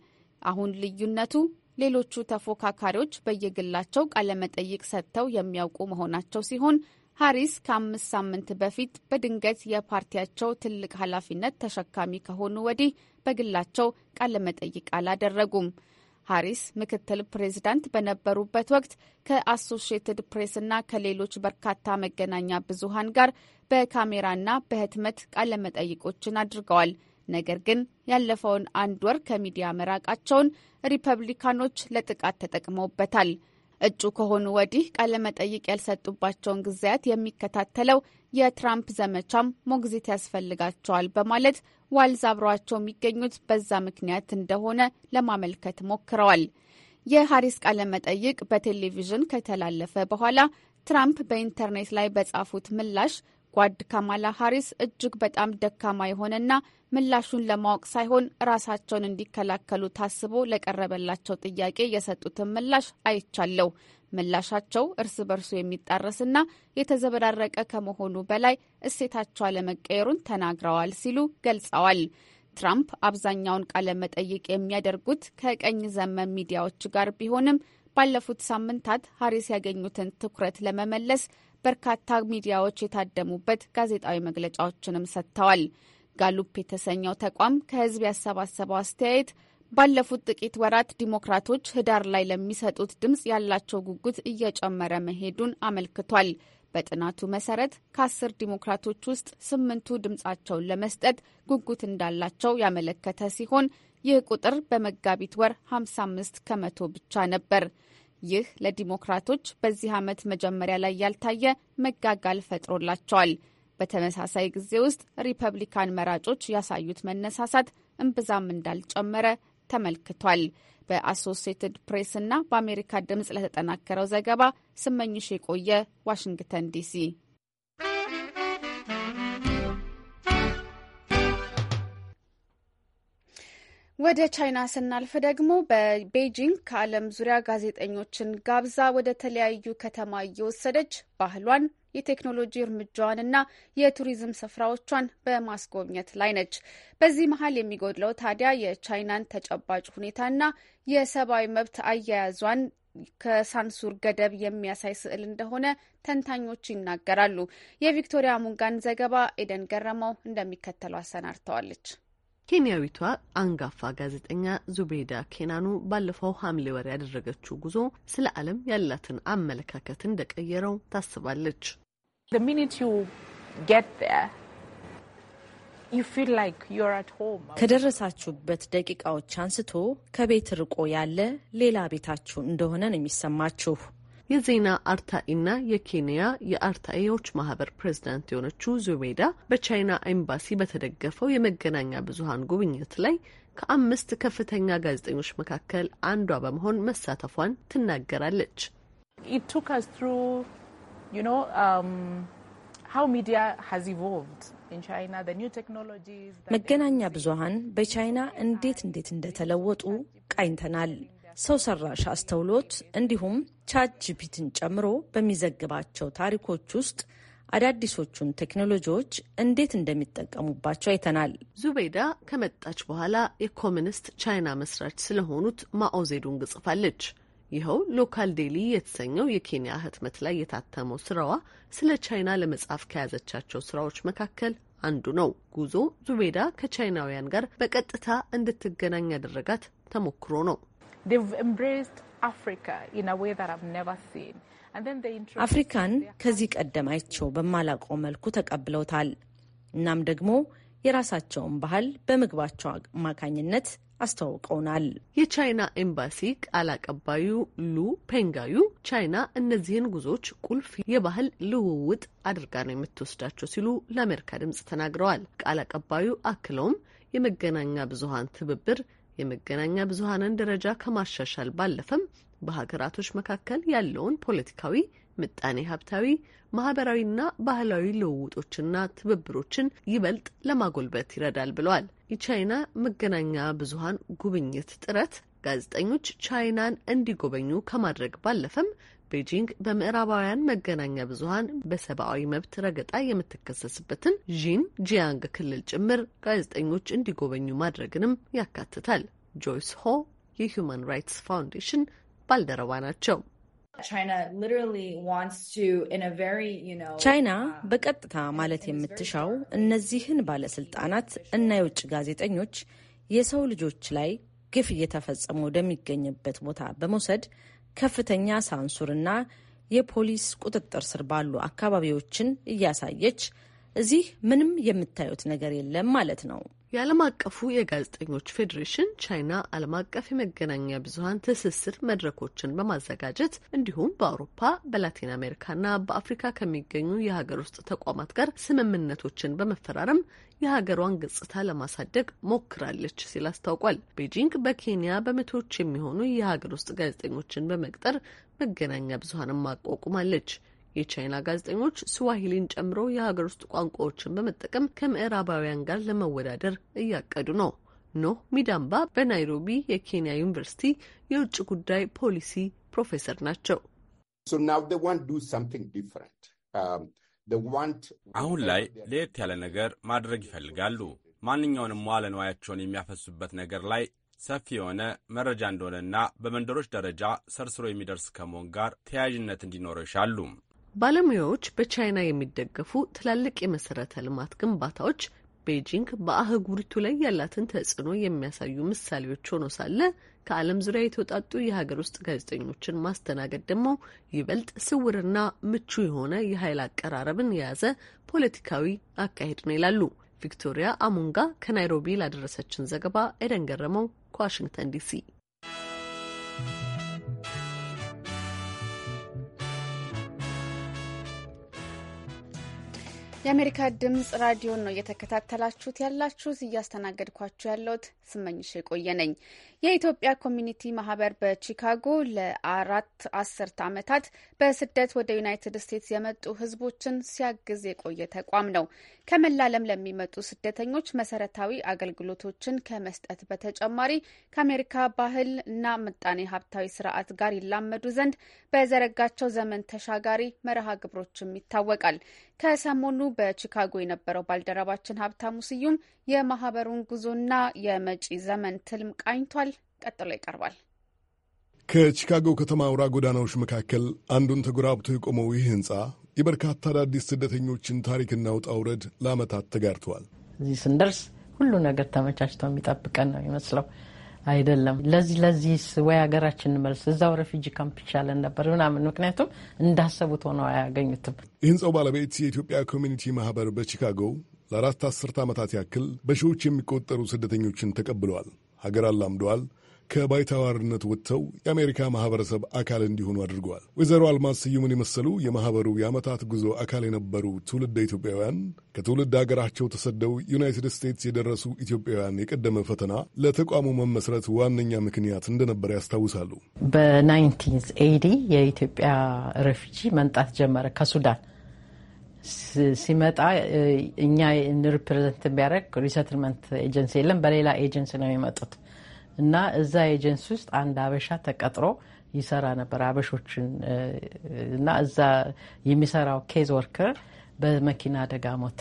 አሁን ልዩነቱ ሌሎቹ ተፎካካሪዎች በየግላቸው ቃለመጠይቅ ሰጥተው የሚያውቁ መሆናቸው ሲሆን ሀሪስ ከአምስት ሳምንት በፊት በድንገት የፓርቲያቸው ትልቅ ኃላፊነት ተሸካሚ ከሆኑ ወዲህ በግላቸው ቃለመጠይቅ አላደረጉም። ሀሪስ ምክትል ፕሬዝዳንት በነበሩበት ወቅት ከአሶሺየትድ ፕሬስና ከሌሎች በርካታ መገናኛ ብዙሃን ጋር በካሜራና በህትመት ቃለመጠይቆችን አድርገዋል። ነገር ግን ያለፈውን አንድ ወር ከሚዲያ መራቃቸውን ሪፐብሊካኖች ለጥቃት ተጠቅመውበታል። እጩ ከሆኑ ወዲህ ቃለመጠይቅ ያልሰጡባቸውን ጊዜያት የሚከታተለው የትራምፕ ዘመቻም ሞግዚት ያስፈልጋቸዋል በማለት ዋልዝ አብረዋቸው የሚገኙት በዛ ምክንያት እንደሆነ ለማመልከት ሞክረዋል። የሀሪስ ቃለመጠይቅ በቴሌቪዥን ከተላለፈ በኋላ ትራምፕ በኢንተርኔት ላይ በጻፉት ምላሽ ጓድ ካማላ ሀሪስ እጅግ በጣም ደካማ የሆነና ምላሹን ለማወቅ ሳይሆን ራሳቸውን እንዲከላከሉ ታስቦ ለቀረበላቸው ጥያቄ የሰጡትን ምላሽ አይቻለሁ። ምላሻቸው እርስ በርሱ የሚጣረስና የተዘበራረቀ ከመሆኑ በላይ እሴታቸው አለመቀየሩን ተናግረዋል ሲሉ ገልጸዋል። ትራምፕ አብዛኛውን ቃለ መጠይቅ የሚያደርጉት ከቀኝ ዘመን ሚዲያዎች ጋር ቢሆንም ባለፉት ሳምንታት ሀሪስ ያገኙትን ትኩረት ለመመለስ በርካታ ሚዲያዎች የታደሙበት ጋዜጣዊ መግለጫዎችንም ሰጥተዋል። ጋሉፕ የተሰኘው ተቋም ከህዝብ ያሰባሰበው አስተያየት ባለፉት ጥቂት ወራት ዲሞክራቶች ህዳር ላይ ለሚሰጡት ድምፅ ያላቸው ጉጉት እየጨመረ መሄዱን አመልክቷል። በጥናቱ መሰረት ከአስር ዲሞክራቶች ውስጥ ስምንቱ ድምፃቸውን ለመስጠት ጉጉት እንዳላቸው ያመለከተ ሲሆን ይህ ቁጥር በመጋቢት ወር 55 ከመቶ ብቻ ነበር። ይህ ለዲሞክራቶች በዚህ ዓመት መጀመሪያ ላይ ያልታየ መጋጋል ፈጥሮላቸዋል። በተመሳሳይ ጊዜ ውስጥ ሪፐብሊካን መራጮች ያሳዩት መነሳሳት እምብዛም እንዳልጨመረ ተመልክቷል። በአሶሴትድ ፕሬስ እና በአሜሪካ ድምፅ ለተጠናከረው ዘገባ ስመኝሽ የቆየ ዋሽንግተን ዲሲ ወደ ቻይና ስናልፍ ደግሞ በቤጂንግ ከዓለም ዙሪያ ጋዜጠኞችን ጋብዛ ወደ ተለያዩ ከተማ እየወሰደች ባህሏን የቴክኖሎጂ እርምጃዋንና የቱሪዝም ስፍራዎቿን በማስጎብኘት ላይ ነች። በዚህ መሀል የሚጎድለው ታዲያ የቻይናን ተጨባጭ ሁኔታና የሰብአዊ መብት አያያዟን ከሳንሱር ገደብ የሚያሳይ ስዕል እንደሆነ ተንታኞች ይናገራሉ። የቪክቶሪያ ሙንጋን ዘገባ ኤደን ገረመው እንደሚከተለው አሰናድተዋለች። ኬንያዊቷ አንጋፋ ጋዜጠኛ ዙቤይዳ ኬናኑ ባለፈው ሐምሌ ወር ያደረገችው ጉዞ ስለ ዓለም ያላትን አመለካከት እንደቀየረው ታስባለች። ከደረሳችሁበት ደቂቃዎች አንስቶ ከቤት ርቆ ያለ ሌላ ቤታችሁ እንደሆነ ነው የሚሰማችሁ። የዜና አርታኢና የኬንያ የአርታኢዎች ማህበር ፕሬዚዳንት የሆነችው ዙቤይዳ በቻይና ኤምባሲ በተደገፈው የመገናኛ ብዙሀን ጉብኝት ላይ ከአምስት ከፍተኛ ጋዜጠኞች መካከል አንዷ በመሆን መሳተፏን ትናገራለች። um, መገናኛ ብዙሀን በቻይና እንዴት እንዴት እንደተለወጡ ቃኝተናል። ሰው ሰራሽ አስተውሎት እንዲሁም ቻት ጂፒቲን ጨምሮ በሚዘግባቸው ታሪኮች ውስጥ አዳዲሶቹን ቴክኖሎጂዎች እንዴት እንደሚጠቀሙባቸው አይተናል። ዙቤዳ ከመጣች በኋላ የኮሚኒስት ቻይና መስራች ስለሆኑት ማኦዜዱን ግጽፋለች። ጽፋለች። ይኸው ሎካል ዴሊ የተሰኘው የኬንያ ህትመት ላይ የታተመው ስራዋ ስለ ቻይና ለመጻፍ ከያዘቻቸው ስራዎች መካከል አንዱ ነው። ጉዞ ዙቤዳ ከቻይናውያን ጋር በቀጥታ እንድትገናኝ ያደረጋት ተሞክሮ ነው። አፍሪካን ከዚህ ቀደም አይቸው በማላውቀው መልኩ ተቀብለውታል። እናም ደግሞ የራሳቸውን ባህል በምግባቸው አማካኝነት አስተዋውቀውናል። የቻይና ኤምባሲ ቃል አቀባዩ ሉ ፔንጋዩ ቻይና እነዚህን ጉዞዎች ቁልፍ የባህል ልውውጥ አድርጋ ነው የምትወስዳቸው ሲሉ ለአሜሪካ ድምጽ ተናግረዋል። ቃል አቀባዩ አክለውም የመገናኛ ብዙሃን ትብብር የመገናኛ ብዙሀንን ደረጃ ከማሻሻል ባለፈም በሀገራቶች መካከል ያለውን ፖለቲካዊ፣ ምጣኔ ሀብታዊ፣ ማህበራዊና ባህላዊ ልውውጦችና ትብብሮችን ይበልጥ ለማጎልበት ይረዳል ብለዋል። የቻይና መገናኛ ብዙሀን ጉብኝት ጥረት ጋዜጠኞች ቻይናን እንዲጎበኙ ከማድረግ ባለፈም ቤጂንግ በምዕራባውያን መገናኛ ብዙኃን በሰብአዊ መብት ረገጣ የምትከሰስበትን ዢን ጂያንግ ክልል ጭምር ጋዜጠኞች እንዲጎበኙ ማድረግንም ያካትታል። ጆይስ ሆ የሁማን ራይትስ ፋውንዴሽን ባልደረባ ናቸው። ቻይና በቀጥታ ማለት የምትሻው እነዚህን ባለስልጣናት እና የውጭ ጋዜጠኞች የሰው ልጆች ላይ ግፍ እየተፈጸመ ወደሚገኝበት ቦታ በመውሰድ ከፍተኛ ሳንሱርና የፖሊስ ቁጥጥር ስር ባሉ አካባቢዎችን እያሳየች እዚህ ምንም የምታዩት ነገር የለም ማለት ነው። የዓለም አቀፉ የጋዜጠኞች ፌዴሬሽን ቻይና ዓለም አቀፍ የመገናኛ ብዙሀን ትስስር መድረኮችን በማዘጋጀት እንዲሁም በአውሮፓ በላቲን አሜሪካና በአፍሪካ ከሚገኙ የሀገር ውስጥ ተቋማት ጋር ስምምነቶችን በመፈራረም የሀገሯን ገጽታ ለማሳደግ ሞክራለች ሲል አስታውቋል። ቤጂንግ በኬንያ በመቶዎች የሚሆኑ የሀገር ውስጥ ጋዜጠኞችን በመቅጠር መገናኛ ብዙሀንም ማቋቁማለች። የቻይና ጋዜጠኞች ስዋሂሊን ጨምሮ የሀገር ውስጥ ቋንቋዎችን በመጠቀም ከምዕራባውያን ጋር ለመወዳደር እያቀዱ ነው። ኖህ ሚዳምባ በናይሮቢ የኬንያ ዩኒቨርሲቲ የውጭ ጉዳይ ፖሊሲ ፕሮፌሰር ናቸው። um, አሁን ላይ ለየት ያለ ነገር ማድረግ ይፈልጋሉ። ማንኛውንም መዋለ ንዋያቸውን የሚያፈሱበት ነገር ላይ ሰፊ የሆነ መረጃ እንደሆነና በመንደሮች ደረጃ ሰርስሮ የሚደርስ ከመሆን ጋር ተያያዥነት እንዲኖረው ይሻሉም። ባለሙያዎች በቻይና የሚደገፉ ትላልቅ የመሰረተ ልማት ግንባታዎች ቤጂንግ በአህጉሪቱ ላይ ያላትን ተጽዕኖ የሚያሳዩ ምሳሌዎች ሆኖ ሳለ ከዓለም ዙሪያ የተውጣጡ የሀገር ውስጥ ጋዜጠኞችን ማስተናገድ ደግሞ ይበልጥ ስውርና ምቹ የሆነ የኃይል አቀራረብን የያዘ ፖለቲካዊ አካሄድ ነው ይላሉ። ቪክቶሪያ አሙንጋ ከናይሮቢ ላደረሰችን ዘገባ ኤደን ገረመው ከዋሽንግተን ዲሲ የአሜሪካ ድምፅ ራዲዮን ነው እየተከታተላችሁት ያላችሁት። እያስተናገድኳችሁ ያለሁት ስመኝሽ የቆየ ነኝ። የኢትዮጵያ ኮሚኒቲ ማህበር በቺካጎ ለአራት አስርት ዓመታት በስደት ወደ ዩናይትድ ስቴትስ የመጡ ህዝቦችን ሲያግዝ የቆየ ተቋም ነው። ከመላለም ለሚመጡ ስደተኞች መሰረታዊ አገልግሎቶችን ከመስጠት በተጨማሪ ከአሜሪካ ባህል እና ምጣኔ ሀብታዊ ስርዓት ጋር ይላመዱ ዘንድ በዘረጋቸው ዘመን ተሻጋሪ መርሃ ግብሮችም ይታወቃል። ከሰሞኑ በቺካጎ የነበረው ባልደረባችን ሀብታሙ ስዩም የማህበሩን ጉዞና የመጪ ዘመን ትልም ቃኝቷል። ቀጥሎ ይቀርባል። ከቺካጎ ከተማ አውራ ጎዳናዎች መካከል አንዱን ተጎራብቶ የቆመው ይህ ህንፃ የበርካታ አዳዲስ ስደተኞችን ታሪክና ውጣ ውረድ ለአመታት ተጋርተዋል። እዚህ ስንደርስ ሁሉ ነገር ተመቻችቶ የሚጠብቀን ነው ይመስለው አይደለም። ለዚህ ለዚህ ወይ ሀገራችን እንመልስ፣ እዛው ረፊጂ ካምፕ ይቻለን ነበር ምናምን። ምክንያቱም እንዳሰቡት ሆነው አያገኙትም። የህንፃው ባለቤት የኢትዮጵያ ኮሚኒቲ ማህበር በቺካጎ ለአራት አስርተ ዓመታት ያክል በሺዎች የሚቆጠሩ ስደተኞችን ተቀብለዋል። ሀገር አላምደዋል። ከባይታዋርነት ወጥተው የአሜሪካ ማህበረሰብ አካል እንዲሆኑ አድርገዋል። ወይዘሮ አልማዝ ስዩምን የመሰሉ የማህበሩ የዓመታት ጉዞ አካል የነበሩ ትውልደ ኢትዮጵያውያን ከትውልድ ሀገራቸው ተሰደው ዩናይትድ ስቴትስ የደረሱ ኢትዮጵያውያን የቀደመ ፈተና ለተቋሙ መመስረት ዋነኛ ምክንያት እንደነበረ ያስታውሳሉ። በ1980 የኢትዮጵያ ሬፊጂ መምጣት ጀመረ ከሱዳን ሲመጣ እኛ ሪፕሬዘንት ቢያደርግ ሪሰትልመንት ኤጀንሲ የለም፣ በሌላ ኤጀንሲ ነው የሚመጡት እና እዛ ኤጀንሲ ውስጥ አንድ አበሻ ተቀጥሮ ይሰራ ነበር አበሾችን እና እዛ የሚሰራው ኬዝ ወርከር በመኪና አደጋ ሞተ።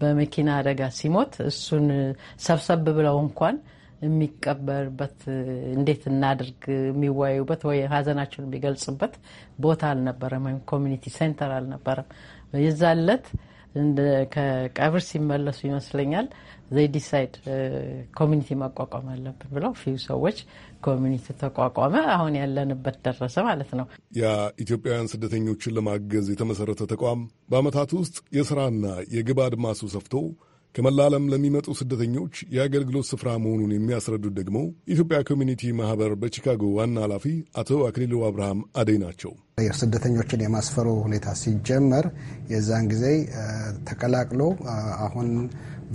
በመኪና አደጋ ሲሞት እሱን ሰብሰብ ብለው እንኳን የሚቀበርበት እንዴት እናድርግ የሚወያዩበት ወይ ሀዘናቸውን የሚገልጽበት ቦታ አልነበረም፣ ወይም ኮሚኒቲ ሴንተር አልነበረም። የዛለት ከቀብር ሲመለሱ ይመስለኛል ዘይ ዲሳይድ ኮሚኒቲ ማቋቋም አለብን ብለው ፊው ሰዎች ኮሚኒቲ ተቋቋመ። አሁን ያለንበት ደረሰ ማለት ነው። የኢትዮጵያውያን ስደተኞችን ለማገዝ የተመሰረተ ተቋም በአመታት ውስጥ የስራና የግብ አድማሱ ሰፍቶ ከመላ ዓለም ለሚመጡ ስደተኞች የአገልግሎት ስፍራ መሆኑን የሚያስረዱት ደግሞ ኢትዮጵያ ኮሚኒቲ ማህበር በቺካጎ ዋና ኃላፊ አቶ አክሊሉ አብርሃም አደይ ናቸው። ስደተኞችን የማስፈሩ ሁኔታ ሲጀመር የዛን ጊዜ ተቀላቅሎ አሁን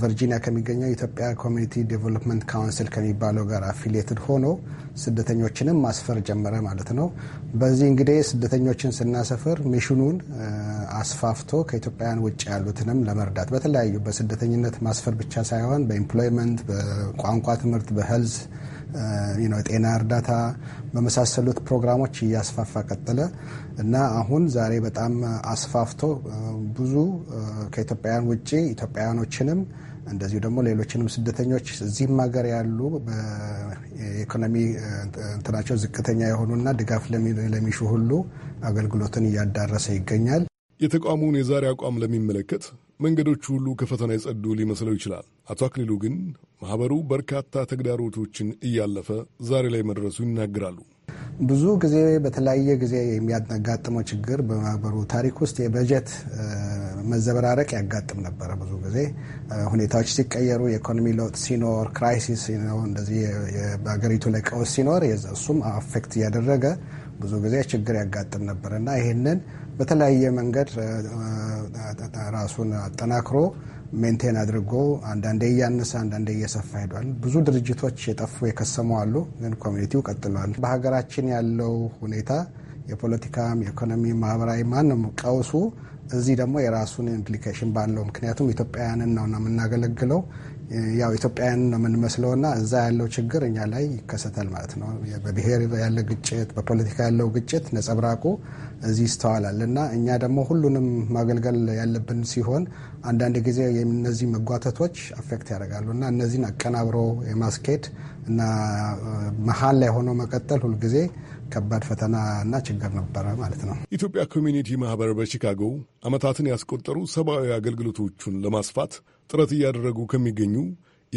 ቨርጂኒያ ከሚገኘው የኢትዮጵያ ኮሚኒቲ ዴቨሎፕመንት ካውንስል ከሚባለው ጋር አፊሊየትድ ሆኖ ስደተኞችንም ማስፈር ጀመረ ማለት ነው። በዚህ እንግዲህ ስደተኞችን ስናሰፍር ሚሽኑን አስፋፍቶ ከኢትዮጵያውያን ውጭ ያሉትንም ለመርዳት በተለያዩ በስደተኝነት ማስፈር ብቻ ሳይሆን በኤምፕሎይመንት፣ በቋንቋ ትምህርት፣ በህልዝ የጤና እርዳታ በመሳሰሉት ፕሮግራሞች እያስፋፋ ቀጠለ እና አሁን ዛሬ በጣም አስፋፍቶ ብዙ ከኢትዮጵያውያን ውጭ ኢትዮጵያውያኖችንም እንደዚሁ ደግሞ ሌሎችንም ስደተኞች እዚህም ሀገር ያሉ በኢኮኖሚ እንትናቸው ዝቅተኛ የሆኑና ድጋፍ ለሚሹ ሁሉ አገልግሎትን እያዳረሰ ይገኛል። የተቋሙን የዛሬ አቋም ለሚመለከት መንገዶቹ ሁሉ ከፈተና የጸዱ ሊመስለው ይችላል። አቶ አክሊሉ ግን ማህበሩ በርካታ ተግዳሮቶችን እያለፈ ዛሬ ላይ መድረሱ ይናገራሉ። ብዙ ጊዜ በተለያየ ጊዜ የሚያጋጥመው ችግር በማህበሩ ታሪክ ውስጥ የበጀት መዘበራረቅ ያጋጥም ነበረ። ብዙ ጊዜ ሁኔታዎች ሲቀየሩ፣ የኢኮኖሚ ለውጥ ሲኖር፣ ክራይሲስ ሲኖር፣ እንደዚህ በሀገሪቱ ላይ ቀውስ ሲኖር እሱም አፌክት እያደረገ ብዙ ጊዜ ችግር ያጋጥም ነበር እና ይህንን በተለያየ መንገድ ራሱን አጠናክሮ ሜንቴን አድርጎ አንዳንዴ እያነሰ አንዳንዴ እየሰፋ ሄዷል። ብዙ ድርጅቶች የጠፉ የከሰሙ አሉ፣ ግን ኮሚኒቲው ቀጥሏል። በሀገራችን ያለው ሁኔታ የፖለቲካም፣ የኢኮኖሚ፣ ማህበራዊ ማንም ቀውሱ እዚህ ደግሞ የራሱን ኢምፕሊኬሽን ባለው ምክንያቱም ኢትዮጵያውያንን ነው የምናገለግለው ያው ኢትዮጵያን ነው የምንመስለው እና እዛ ያለው ችግር እኛ ላይ ይከሰታል ማለት ነው። በብሔር ያለ ግጭት፣ በፖለቲካ ያለው ግጭት ነጸብራቁ እዚህ ይስተዋላል እና እኛ ደግሞ ሁሉንም ማገልገል ያለብን ሲሆን አንዳንድ ጊዜ እነዚህ መጓተቶች አፌክት ያደርጋሉ እና እነዚህን አቀናብሮ የማስኬድ እና መሀል ላይ ሆኖ መቀጠል ሁልጊዜ ከባድ ፈተና እና ችግር ነበረ ማለት ነው። ኢትዮጵያ ኮሚኒቲ ማህበር በቺካጎ ዓመታትን ያስቆጠሩ ሰብአዊ አገልግሎቶቹን ለማስፋት ጥረት እያደረጉ ከሚገኙ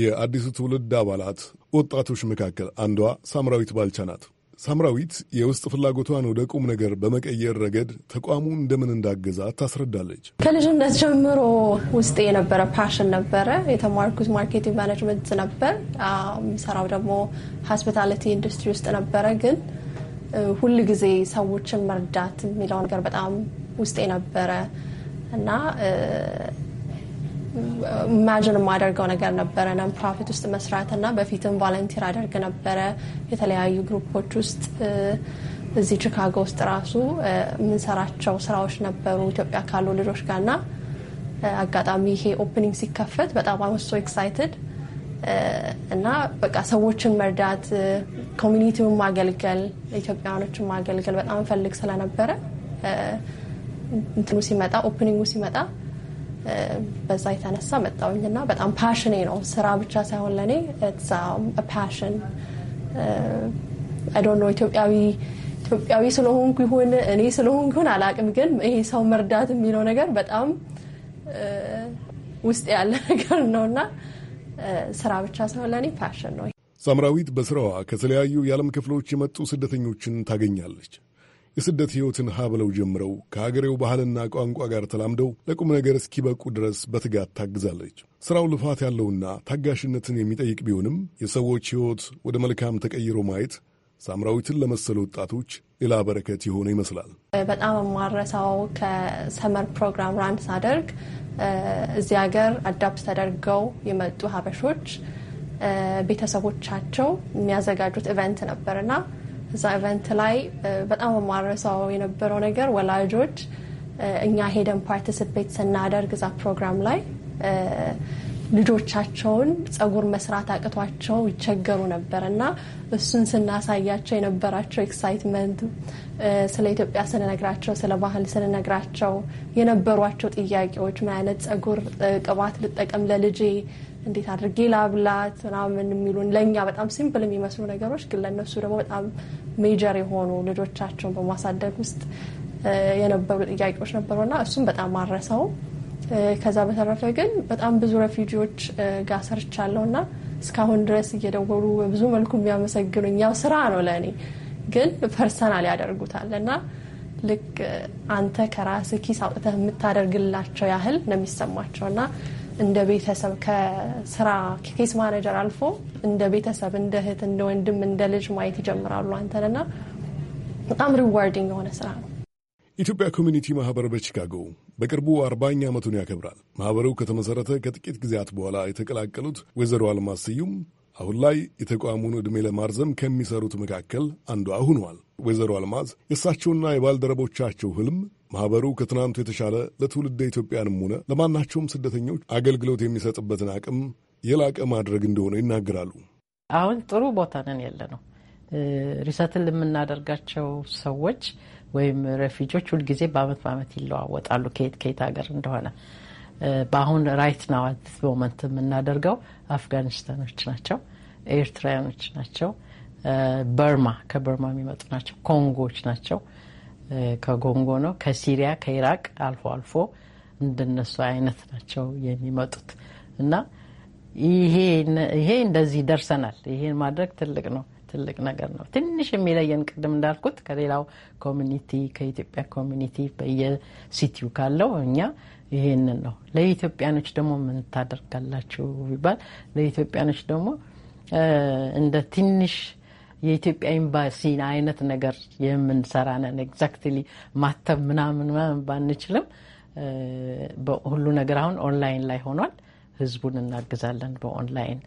የአዲሱ ትውልድ አባላት ወጣቶች መካከል አንዷ ሳምራዊት ባልቻ ናት። ሳምራዊት የውስጥ ፍላጎቷን ወደ ቁም ነገር በመቀየር ረገድ ተቋሙ እንደምን እንዳገዛ ታስረዳለች። ከልጅነት ጀምሮ ውስጤ የነበረ ፓሽን ነበረ። የተማርኩት ማርኬቲንግ ማኔጅመንት ነበር። የሚሰራው ደግሞ ሆስፒታሊቲ ኢንዱስትሪ ውስጥ ነበረ። ግን ሁል ጊዜ ሰዎችን መርዳት የሚለው ነገር በጣም ውስጤ ነበረ እና ኢማጅን የማደርገው ነገር ነበረ ነን ፕራፊት ውስጥ መስራት እና በፊትም ቫለንቲር አደርግ ነበረ የተለያዩ ግሩፖች ውስጥ እዚህ ቺካጎ ውስጥ ራሱ የምንሰራቸው ስራዎች ነበሩ ኢትዮጵያ ካሉ ልጆች ጋር ና አጋጣሚ ይሄ ኦፕኒንግ ሲከፈት በጣም አመሶ ኤክሳይትድ እና በቃ ሰዎችን መርዳት ኮሚኒቲውን ማገልገል ኢትዮጵያውያኖችን ማገልገል በጣም ፈልግ ስለነበረ እንትኑ ሲመጣ ኦፕኒንጉ ሲመጣ በዛ የተነሳ መጣሁኝ እና በጣም ፓሽኔ ነው ስራ ብቻ ሳይሆን ለእኔ ፓሽን አይ ዶንት ኖ ኢትዮጵያዊ ኢትዮጵያዊ ስለሆንኩ ይሁን እኔ ስለሆንኩ ይሁን አላቅም፣ ግን ይሄ ሰው መርዳት የሚለው ነገር በጣም ውስጥ ያለ ነገር ነው እና ስራ ብቻ ሳይሆን ለእኔ ፓሽን ነው። ሳምራዊት በስራዋ ከተለያዩ የዓለም ክፍሎች የመጡ ስደተኞችን ታገኛለች። የስደት ሕይወትን ሀ ብለው ጀምረው ከሀገሬው ባህልና ቋንቋ ጋር ተላምደው ለቁም ነገር እስኪበቁ ድረስ በትጋት ታግዛለች። ሥራው ልፋት ያለውና ታጋሽነትን የሚጠይቅ ቢሆንም የሰዎች ሕይወት ወደ መልካም ተቀይሮ ማየት ሳምራዊትን ለመሰሉ ወጣቶች ሌላ በረከት የሆነ ይመስላል። በጣም የማረሳው ከሰመር ፕሮግራም ራን ሳደርግ እዚህ ሀገር አዳፕት ተደርገው የመጡ ሀበሾች ቤተሰቦቻቸው የሚያዘጋጁት ኢቨንት ነበርና እዛ ኢቨንት ላይ በጣም የማረሳው የነበረው ነገር ወላጆች እኛ ሄደን ፓርቲስፔት ስናደርግ እዛ ፕሮግራም ላይ ልጆቻቸውን ጸጉር መስራት አቅቷቸው ይቸገሩ ነበር እና እሱን ስናሳያቸው የነበራቸው ኤክሳይትመንት፣ ስለ ኢትዮጵያ ስንነግራቸው፣ ስለ ባህል ስንነግራቸው የነበሯቸው ጥያቄዎች ምን አይነት ጸጉር ቅባት ልጠቀም ለልጄ እንዴት አድርጌ ላብላት ምናምን የሚሉን ለእኛ በጣም ሲምፕል የሚመስሉ ነገሮች ግን ለእነሱ ደግሞ በጣም ሜጀር የሆኑ ልጆቻቸውን በማሳደግ ውስጥ የነበሩ ጥያቄዎች ነበሩና እሱም በጣም አረሰው። ከዛ በተረፈ ግን በጣም ብዙ ረፊጂዎች ጋር ሰርቻለሁ እና እስካሁን ድረስ እየደወሉ በብዙ መልኩ የሚያመሰግኑኝ ያው ስራ ነው ለእኔ ግን ፐርሰናል ያደርጉታል እና ልክ አንተ ከራስ ኪስ አውጥተህ የምታደርግላቸው ያህል ነው የሚሰማቸው እና እንደ ቤተሰብ ከስራ ኬስ ማኔጀር አልፎ እንደ ቤተሰብ፣ እንደ እህት፣ እንደ ወንድም፣ እንደ ልጅ ማየት ይጀምራሉ አንተንና በጣም ሪዋርዲንግ የሆነ ስራ ነው። ኢትዮጵያ ኮሚኒቲ ማህበር በቺካጎ በቅርቡ አርባኛ ዓመቱን ያከብራል። ማህበሩ ከተመሠረተ ከጥቂት ጊዜያት በኋላ የተቀላቀሉት ወይዘሮ አልማስ ስዩም አሁን ላይ የተቋሙን ዕድሜ ለማርዘም ከሚሰሩት መካከል አንዷ ሁኗል። ወይዘሮ አልማዝ የእሳቸውና የባልደረቦቻቸው ህልም ማኅበሩ ከትናንቱ የተሻለ ለትውልደ ኢትዮጵያንም ሆነ ለማናቸውም ስደተኞች አገልግሎት የሚሰጥበትን አቅም የላቀ ማድረግ እንደሆነ ይናገራሉ። አሁን ጥሩ ቦታ ነን ያለ ነው። ሪሰትል የምናደርጋቸው ሰዎች ወይም ረፊጆች ሁልጊዜ በአመት በአመት ይለዋወጣሉ ከየት ከየት ሀገር እንደሆነ በአሁን ራይት ናው አት ሞመንት የምናደርገው አፍጋኒስታኖች ናቸው፣ ኤርትራውያኖች ናቸው፣ በርማ ከበርማ የሚመጡ ናቸው። ኮንጎዎች ናቸው። ከኮንጎ ነው። ከሲሪያ ከኢራቅ አልፎ አልፎ እንደነሱ አይነት ናቸው የሚመጡት እና ይሄ እንደዚህ ደርሰናል። ይሄን ማድረግ ትልቅ ነው ትልቅ ነገር ነው። ትንሽ የሚለየን ቅድም እንዳልኩት ከሌላው ኮሚኒቲ ከኢትዮጵያ ኮሚኒቲ በየሲቲው ካለው እኛ ይሄንን ነው። ለኢትዮጵያኖች ደግሞ ምን ታደርጋላችሁ ቢባል ለኢትዮጵያኖች ደግሞ እንደ ትንሽ የኢትዮጵያ ኤምባሲ አይነት ነገር የምንሰራ ነን። ኤግዛክትሊ ማተብ ምናምን ባንችልም ሁሉ ነገር አሁን ኦንላይን ላይ ሆኗል። ህዝቡን እናግዛለን በኦንላይን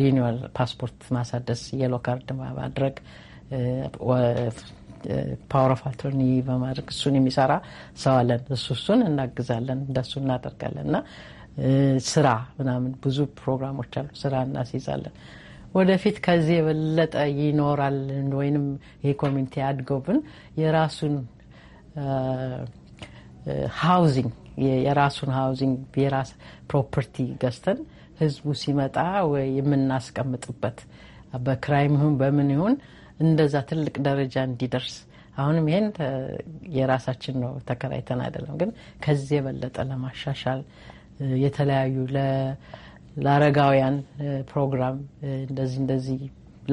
ሪኒዋል ፓስፖርት ማሳደስ፣ የሎ ካርድ ማድረግ፣ ፓወር ኦፍ አቶርኒ በማድረግ እሱን የሚሰራ ሰው አለን። እሱ እሱን እናግዛለን፣ እንደሱ እናደርጋለን እና ስራ ምናምን ብዙ ፕሮግራሞች አሉ። ስራ እናስይዛለን። ወደፊት ከዚህ የበለጠ ይኖራል ወይም ይህ ኮሚኒቲ ብን የራሱን ሀውዚንግ የራሱን ሀውዚንግ የራስ ፕሮፐርቲ ገዝተን ህዝቡ ሲመጣ የምናስቀምጥበት በክራይም ይሁን በምን ይሁን እንደዛ ትልቅ ደረጃ እንዲደርስ አሁንም ይሄን የራሳችን ነው ተከራይተን አይደለም፣ ግን ከዚህ የበለጠ ለማሻሻል የተለያዩ ለአረጋውያን ፕሮግራም እንደዚህ እንደዚህ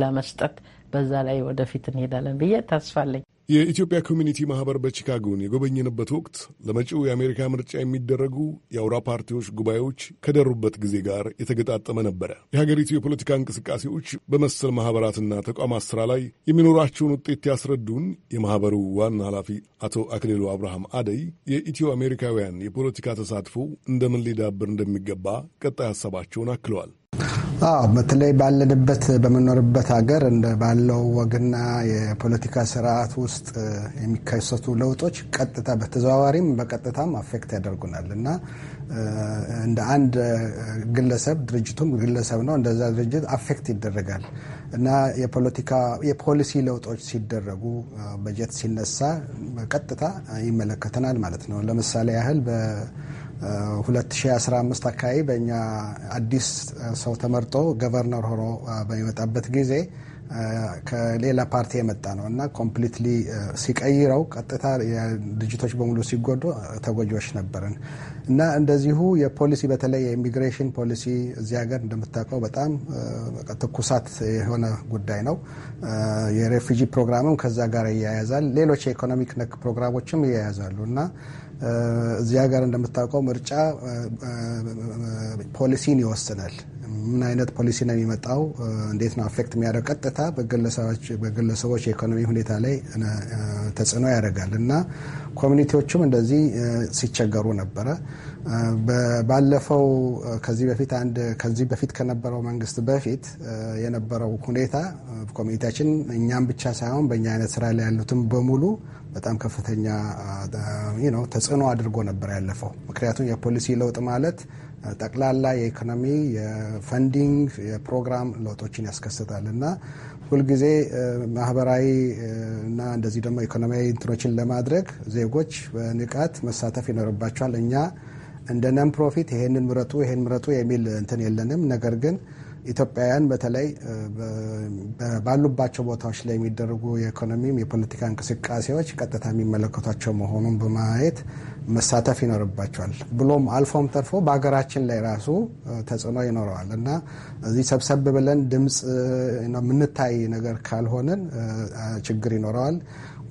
ለመስጠት በዛ ላይ ወደፊት እንሄዳለን ብዬ ተስፋ የኢትዮጵያ ኮሚኒቲ ማህበር በቺካጎን የጎበኘንበት ወቅት ለመጪው የአሜሪካ ምርጫ የሚደረጉ የአውራ ፓርቲዎች ጉባኤዎች ከደሩበት ጊዜ ጋር የተገጣጠመ ነበረ። የሀገሪቱ የፖለቲካ እንቅስቃሴዎች በመሰል ማህበራትና ተቋማት ስራ ላይ የሚኖራቸውን ውጤት ያስረዱን የማህበሩ ዋና ኃላፊ አቶ አክሊሉ አብርሃም አደይ የኢትዮ አሜሪካውያን የፖለቲካ ተሳትፎ እንደምን ሊዳብር እንደሚገባ ቀጣይ ሀሳባቸውን አክለዋል። አዎ በተለይ ባለንበት በምኖርበት ሀገር እንደ ባለው ወግና የፖለቲካ ስርዓት ውስጥ የሚከሰቱ ለውጦች ቀጥታ በተዘዋዋሪም በቀጥታም አፌክት ያደርጉናል እና እንደ አንድ ግለሰብ ድርጅቱም ግለሰብ ነው፣ እንደዛ ድርጅት አፌክት ይደረጋል እና የፖለቲካ የፖሊሲ ለውጦች ሲደረጉ በጀት ሲነሳ በቀጥታ ይመለከተናል ማለት ነው። ለምሳሌ ያህል 2015 አካባቢ በእኛ አዲስ ሰው ተመርጦ ገቨርነር ሆኖ በሚመጣበት ጊዜ ከሌላ ፓርቲ የመጣ ነው እና ኮምፕሊትሊ ሲቀይረው ቀጥታ ድርጅቶች በሙሉ ሲጎዱ ተጎጂዎች ነበርን እና እንደዚሁ የፖሊሲ በተለይ የኢሚግሬሽን ፖሊሲ እዚህ ሀገር እንደምታውቀው በጣም ትኩሳት የሆነ ጉዳይ ነው። የሬፊጂ ፕሮግራምም ከዛ ጋር ይያያዛል። ሌሎች የኢኮኖሚክ ነክ ፕሮግራሞችም ይያያዛሉ እና እዚያ ጋር እንደምታውቀው ምርጫ ፖሊሲን ይወስናል። ምን አይነት ፖሊሲ ነው የሚመጣው? እንዴት ነው አፌክት የሚያደርግ? ቀጥታ በግለሰቦች የኢኮኖሚ ሁኔታ ላይ ተጽዕኖ ያደርጋል እና ኮሚኒቲዎቹም እንደዚህ ሲቸገሩ ነበረ። ባለፈው ከዚህ በፊት አንድ ከዚህ በፊት ከነበረው መንግስት በፊት የነበረው ሁኔታ ኮሚኒቲያችን እኛም ብቻ ሳይሆን በእኛ አይነት ስራ ላይ ያሉትም በሙሉ በጣም ከፍተኛ ነው ተጽዕኖ አድርጎ ነበር ያለፈው። ምክንያቱም የፖሊሲ ለውጥ ማለት ጠቅላላ የኢኮኖሚ የፈንዲንግ የፕሮግራም ለውጦችን ያስከስታል እና ሁልጊዜ ማህበራዊ እና እንደዚህ ደግሞ ኢኮኖሚያዊ እንትኖችን ለማድረግ ዜጎች በንቃት መሳተፍ ይኖርባቸዋል እኛ እንደ ነን ፕሮፊት ይሄንን ምረጡ ይሄን ምረጡ የሚል እንትን የለንም። ነገር ግን ኢትዮጵያውያን በተለይ ባሉባቸው ቦታዎች ላይ የሚደረጉ የኢኮኖሚም የፖለቲካ እንቅስቃሴዎች ቀጥታ የሚመለከቷቸው መሆኑን በማየት መሳተፍ ይኖርባቸዋል። ብሎም አልፎም ተርፎ በሀገራችን ላይ ራሱ ተጽዕኖ ይኖረዋል እና እዚህ ሰብሰብ ብለን ድምፅ የምንታይ ነገር ካልሆንን ችግር ይኖረዋል።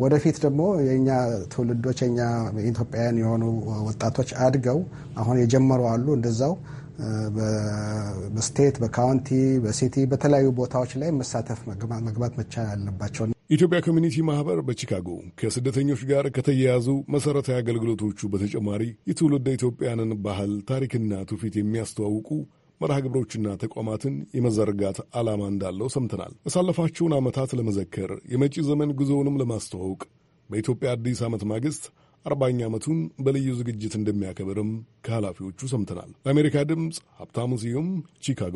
ወደፊት ደግሞ የኛ ትውልዶች የኛ ኢትዮጵያውያን የሆኑ ወጣቶች አድገው አሁን የጀመሩ አሉ እንደዛው በስቴት በካውንቲ በሲቲ በተለያዩ ቦታዎች ላይ መሳተፍ መግባት መቻል አለባቸው። ኢትዮጵያ ኮሚኒቲ ማህበር በቺካጎ ከስደተኞች ጋር ከተያያዙ መሠረታዊ አገልግሎቶቹ በተጨማሪ የትውልደ ኢትዮጵያንን ባህል ታሪክና ትውፊት የሚያስተዋውቁ መርሃ ግብሮችና ተቋማትን የመዘርጋት ዓላማ እንዳለው ሰምተናል። ያሳለፋቸውን ዓመታት ለመዘከር የመጪ ዘመን ጉዞውንም ለማስተዋወቅ በኢትዮጵያ አዲስ ዓመት ማግስት አርባኛ ዓመቱን በልዩ ዝግጅት እንደሚያከብርም ከኃላፊዎቹ ሰምተናል። ለአሜሪካ ድምፅ ሀብታሙ ስዩም ቺካጎ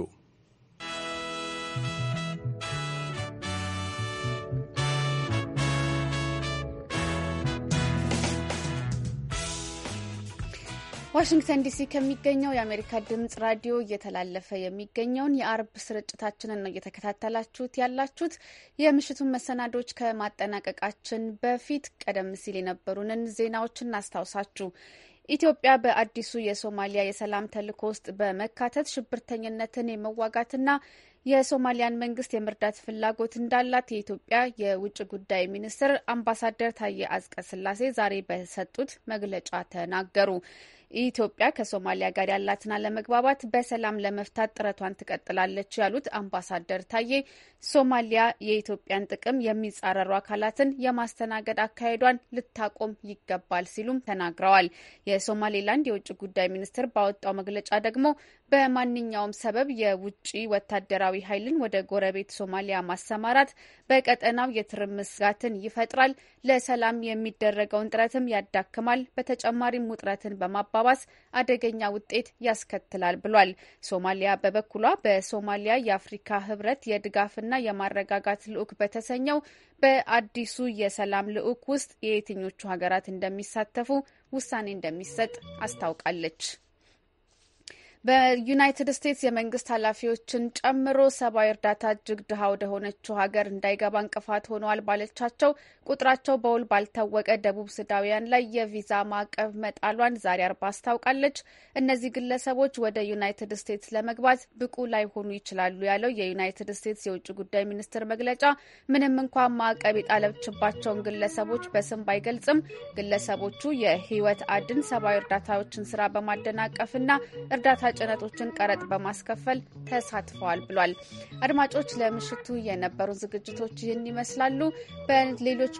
ዋሽንግተን ዲሲ ከሚገኘው የአሜሪካ ድምጽ ራዲዮ እየተላለፈ የሚገኘውን የአርብ ስርጭታችንን ነው እየተከታተላችሁት ያላችሁት። የምሽቱን መሰናዶች ከማጠናቀቃችን በፊት ቀደም ሲል የነበሩንን ዜናዎችን እናስታውሳችሁ። ኢትዮጵያ በአዲሱ የሶማሊያ የሰላም ተልዕኮ ውስጥ በመካተት ሽብርተኝነትን የመዋጋትና የሶማሊያን መንግስት የመርዳት ፍላጎት እንዳላት የኢትዮጵያ የውጭ ጉዳይ ሚኒስትር አምባሳደር ታዬ አጽቀ ስላሴ ዛሬ በሰጡት መግለጫ ተናገሩ። ኢትዮጵያ ከሶማሊያ ጋር ያላትን አለመግባባት በሰላም ለመፍታት ጥረቷን ትቀጥላለች ያሉት አምባሳደር ታዬ ሶማሊያ የኢትዮጵያን ጥቅም የሚጻረሩ አካላትን የማስተናገድ አካሄዷን ልታቆም ይገባል ሲሉም ተናግረዋል። የሶማሌላንድ የውጭ ጉዳይ ሚኒስትር ባወጣው መግለጫ ደግሞ በማንኛውም ሰበብ የውጭ ወታደራዊ ኃይልን ወደ ጎረቤት ሶማሊያ ማሰማራት በቀጠናው የትርምስ ስጋትን ይፈጥራል፣ ለሰላም የሚደረገውን ጥረትም ያዳክማል፣ በተጨማሪም ውጥረትን በማባ መባባስ አደገኛ ውጤት ያስከትላል ብሏል። ሶማሊያ በበኩሏ በሶማሊያ የአፍሪካ ህብረት የድጋፍና የማረጋጋት ልዑክ በተሰኘው በአዲሱ የሰላም ልዑክ ውስጥ የየትኞቹ ሀገራት እንደሚሳተፉ ውሳኔ እንደሚሰጥ አስታውቃለች። በዩናይትድ ስቴትስ የመንግስት ኃላፊዎችን ጨምሮ ሰብአዊ እርዳታ እጅግ ድሃ ወደሆነችው ሀገር እንዳይገባ እንቅፋት ሆነዋል ባለቻቸው ቁጥራቸው በውል ባልታወቀ ደቡብ ሱዳውያን ላይ የቪዛ ማዕቀብ መጣሏን ዛሬ አርባ አስታውቃለች። እነዚህ ግለሰቦች ወደ ዩናይትድ ስቴትስ ለመግባት ብቁ ላይሆኑ ይችላሉ ያለው የዩናይትድ ስቴትስ የውጭ ጉዳይ ሚኒስትር መግለጫ ምንም እንኳን ማዕቀብ የጣለችባቸውን ግለሰቦች በስም ባይገልጽም ግለሰቦቹ የህይወት አድን ሰብአዊ እርዳታዎችን ስራ በማደናቀፍና እርዳታ ጭነቶችን ቀረጥ በማስከፈል ተሳትፈዋል ብሏል። አድማጮች ለምሽቱ የነበሩ ዝግጅቶች ይህን ይመስላሉ። በሌሎች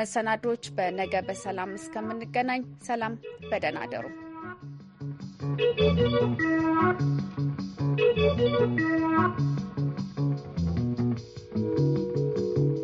መሰናዶች በነገ በሰላም እስከምንገናኝ ሰላም፣ በደህና አደሩ።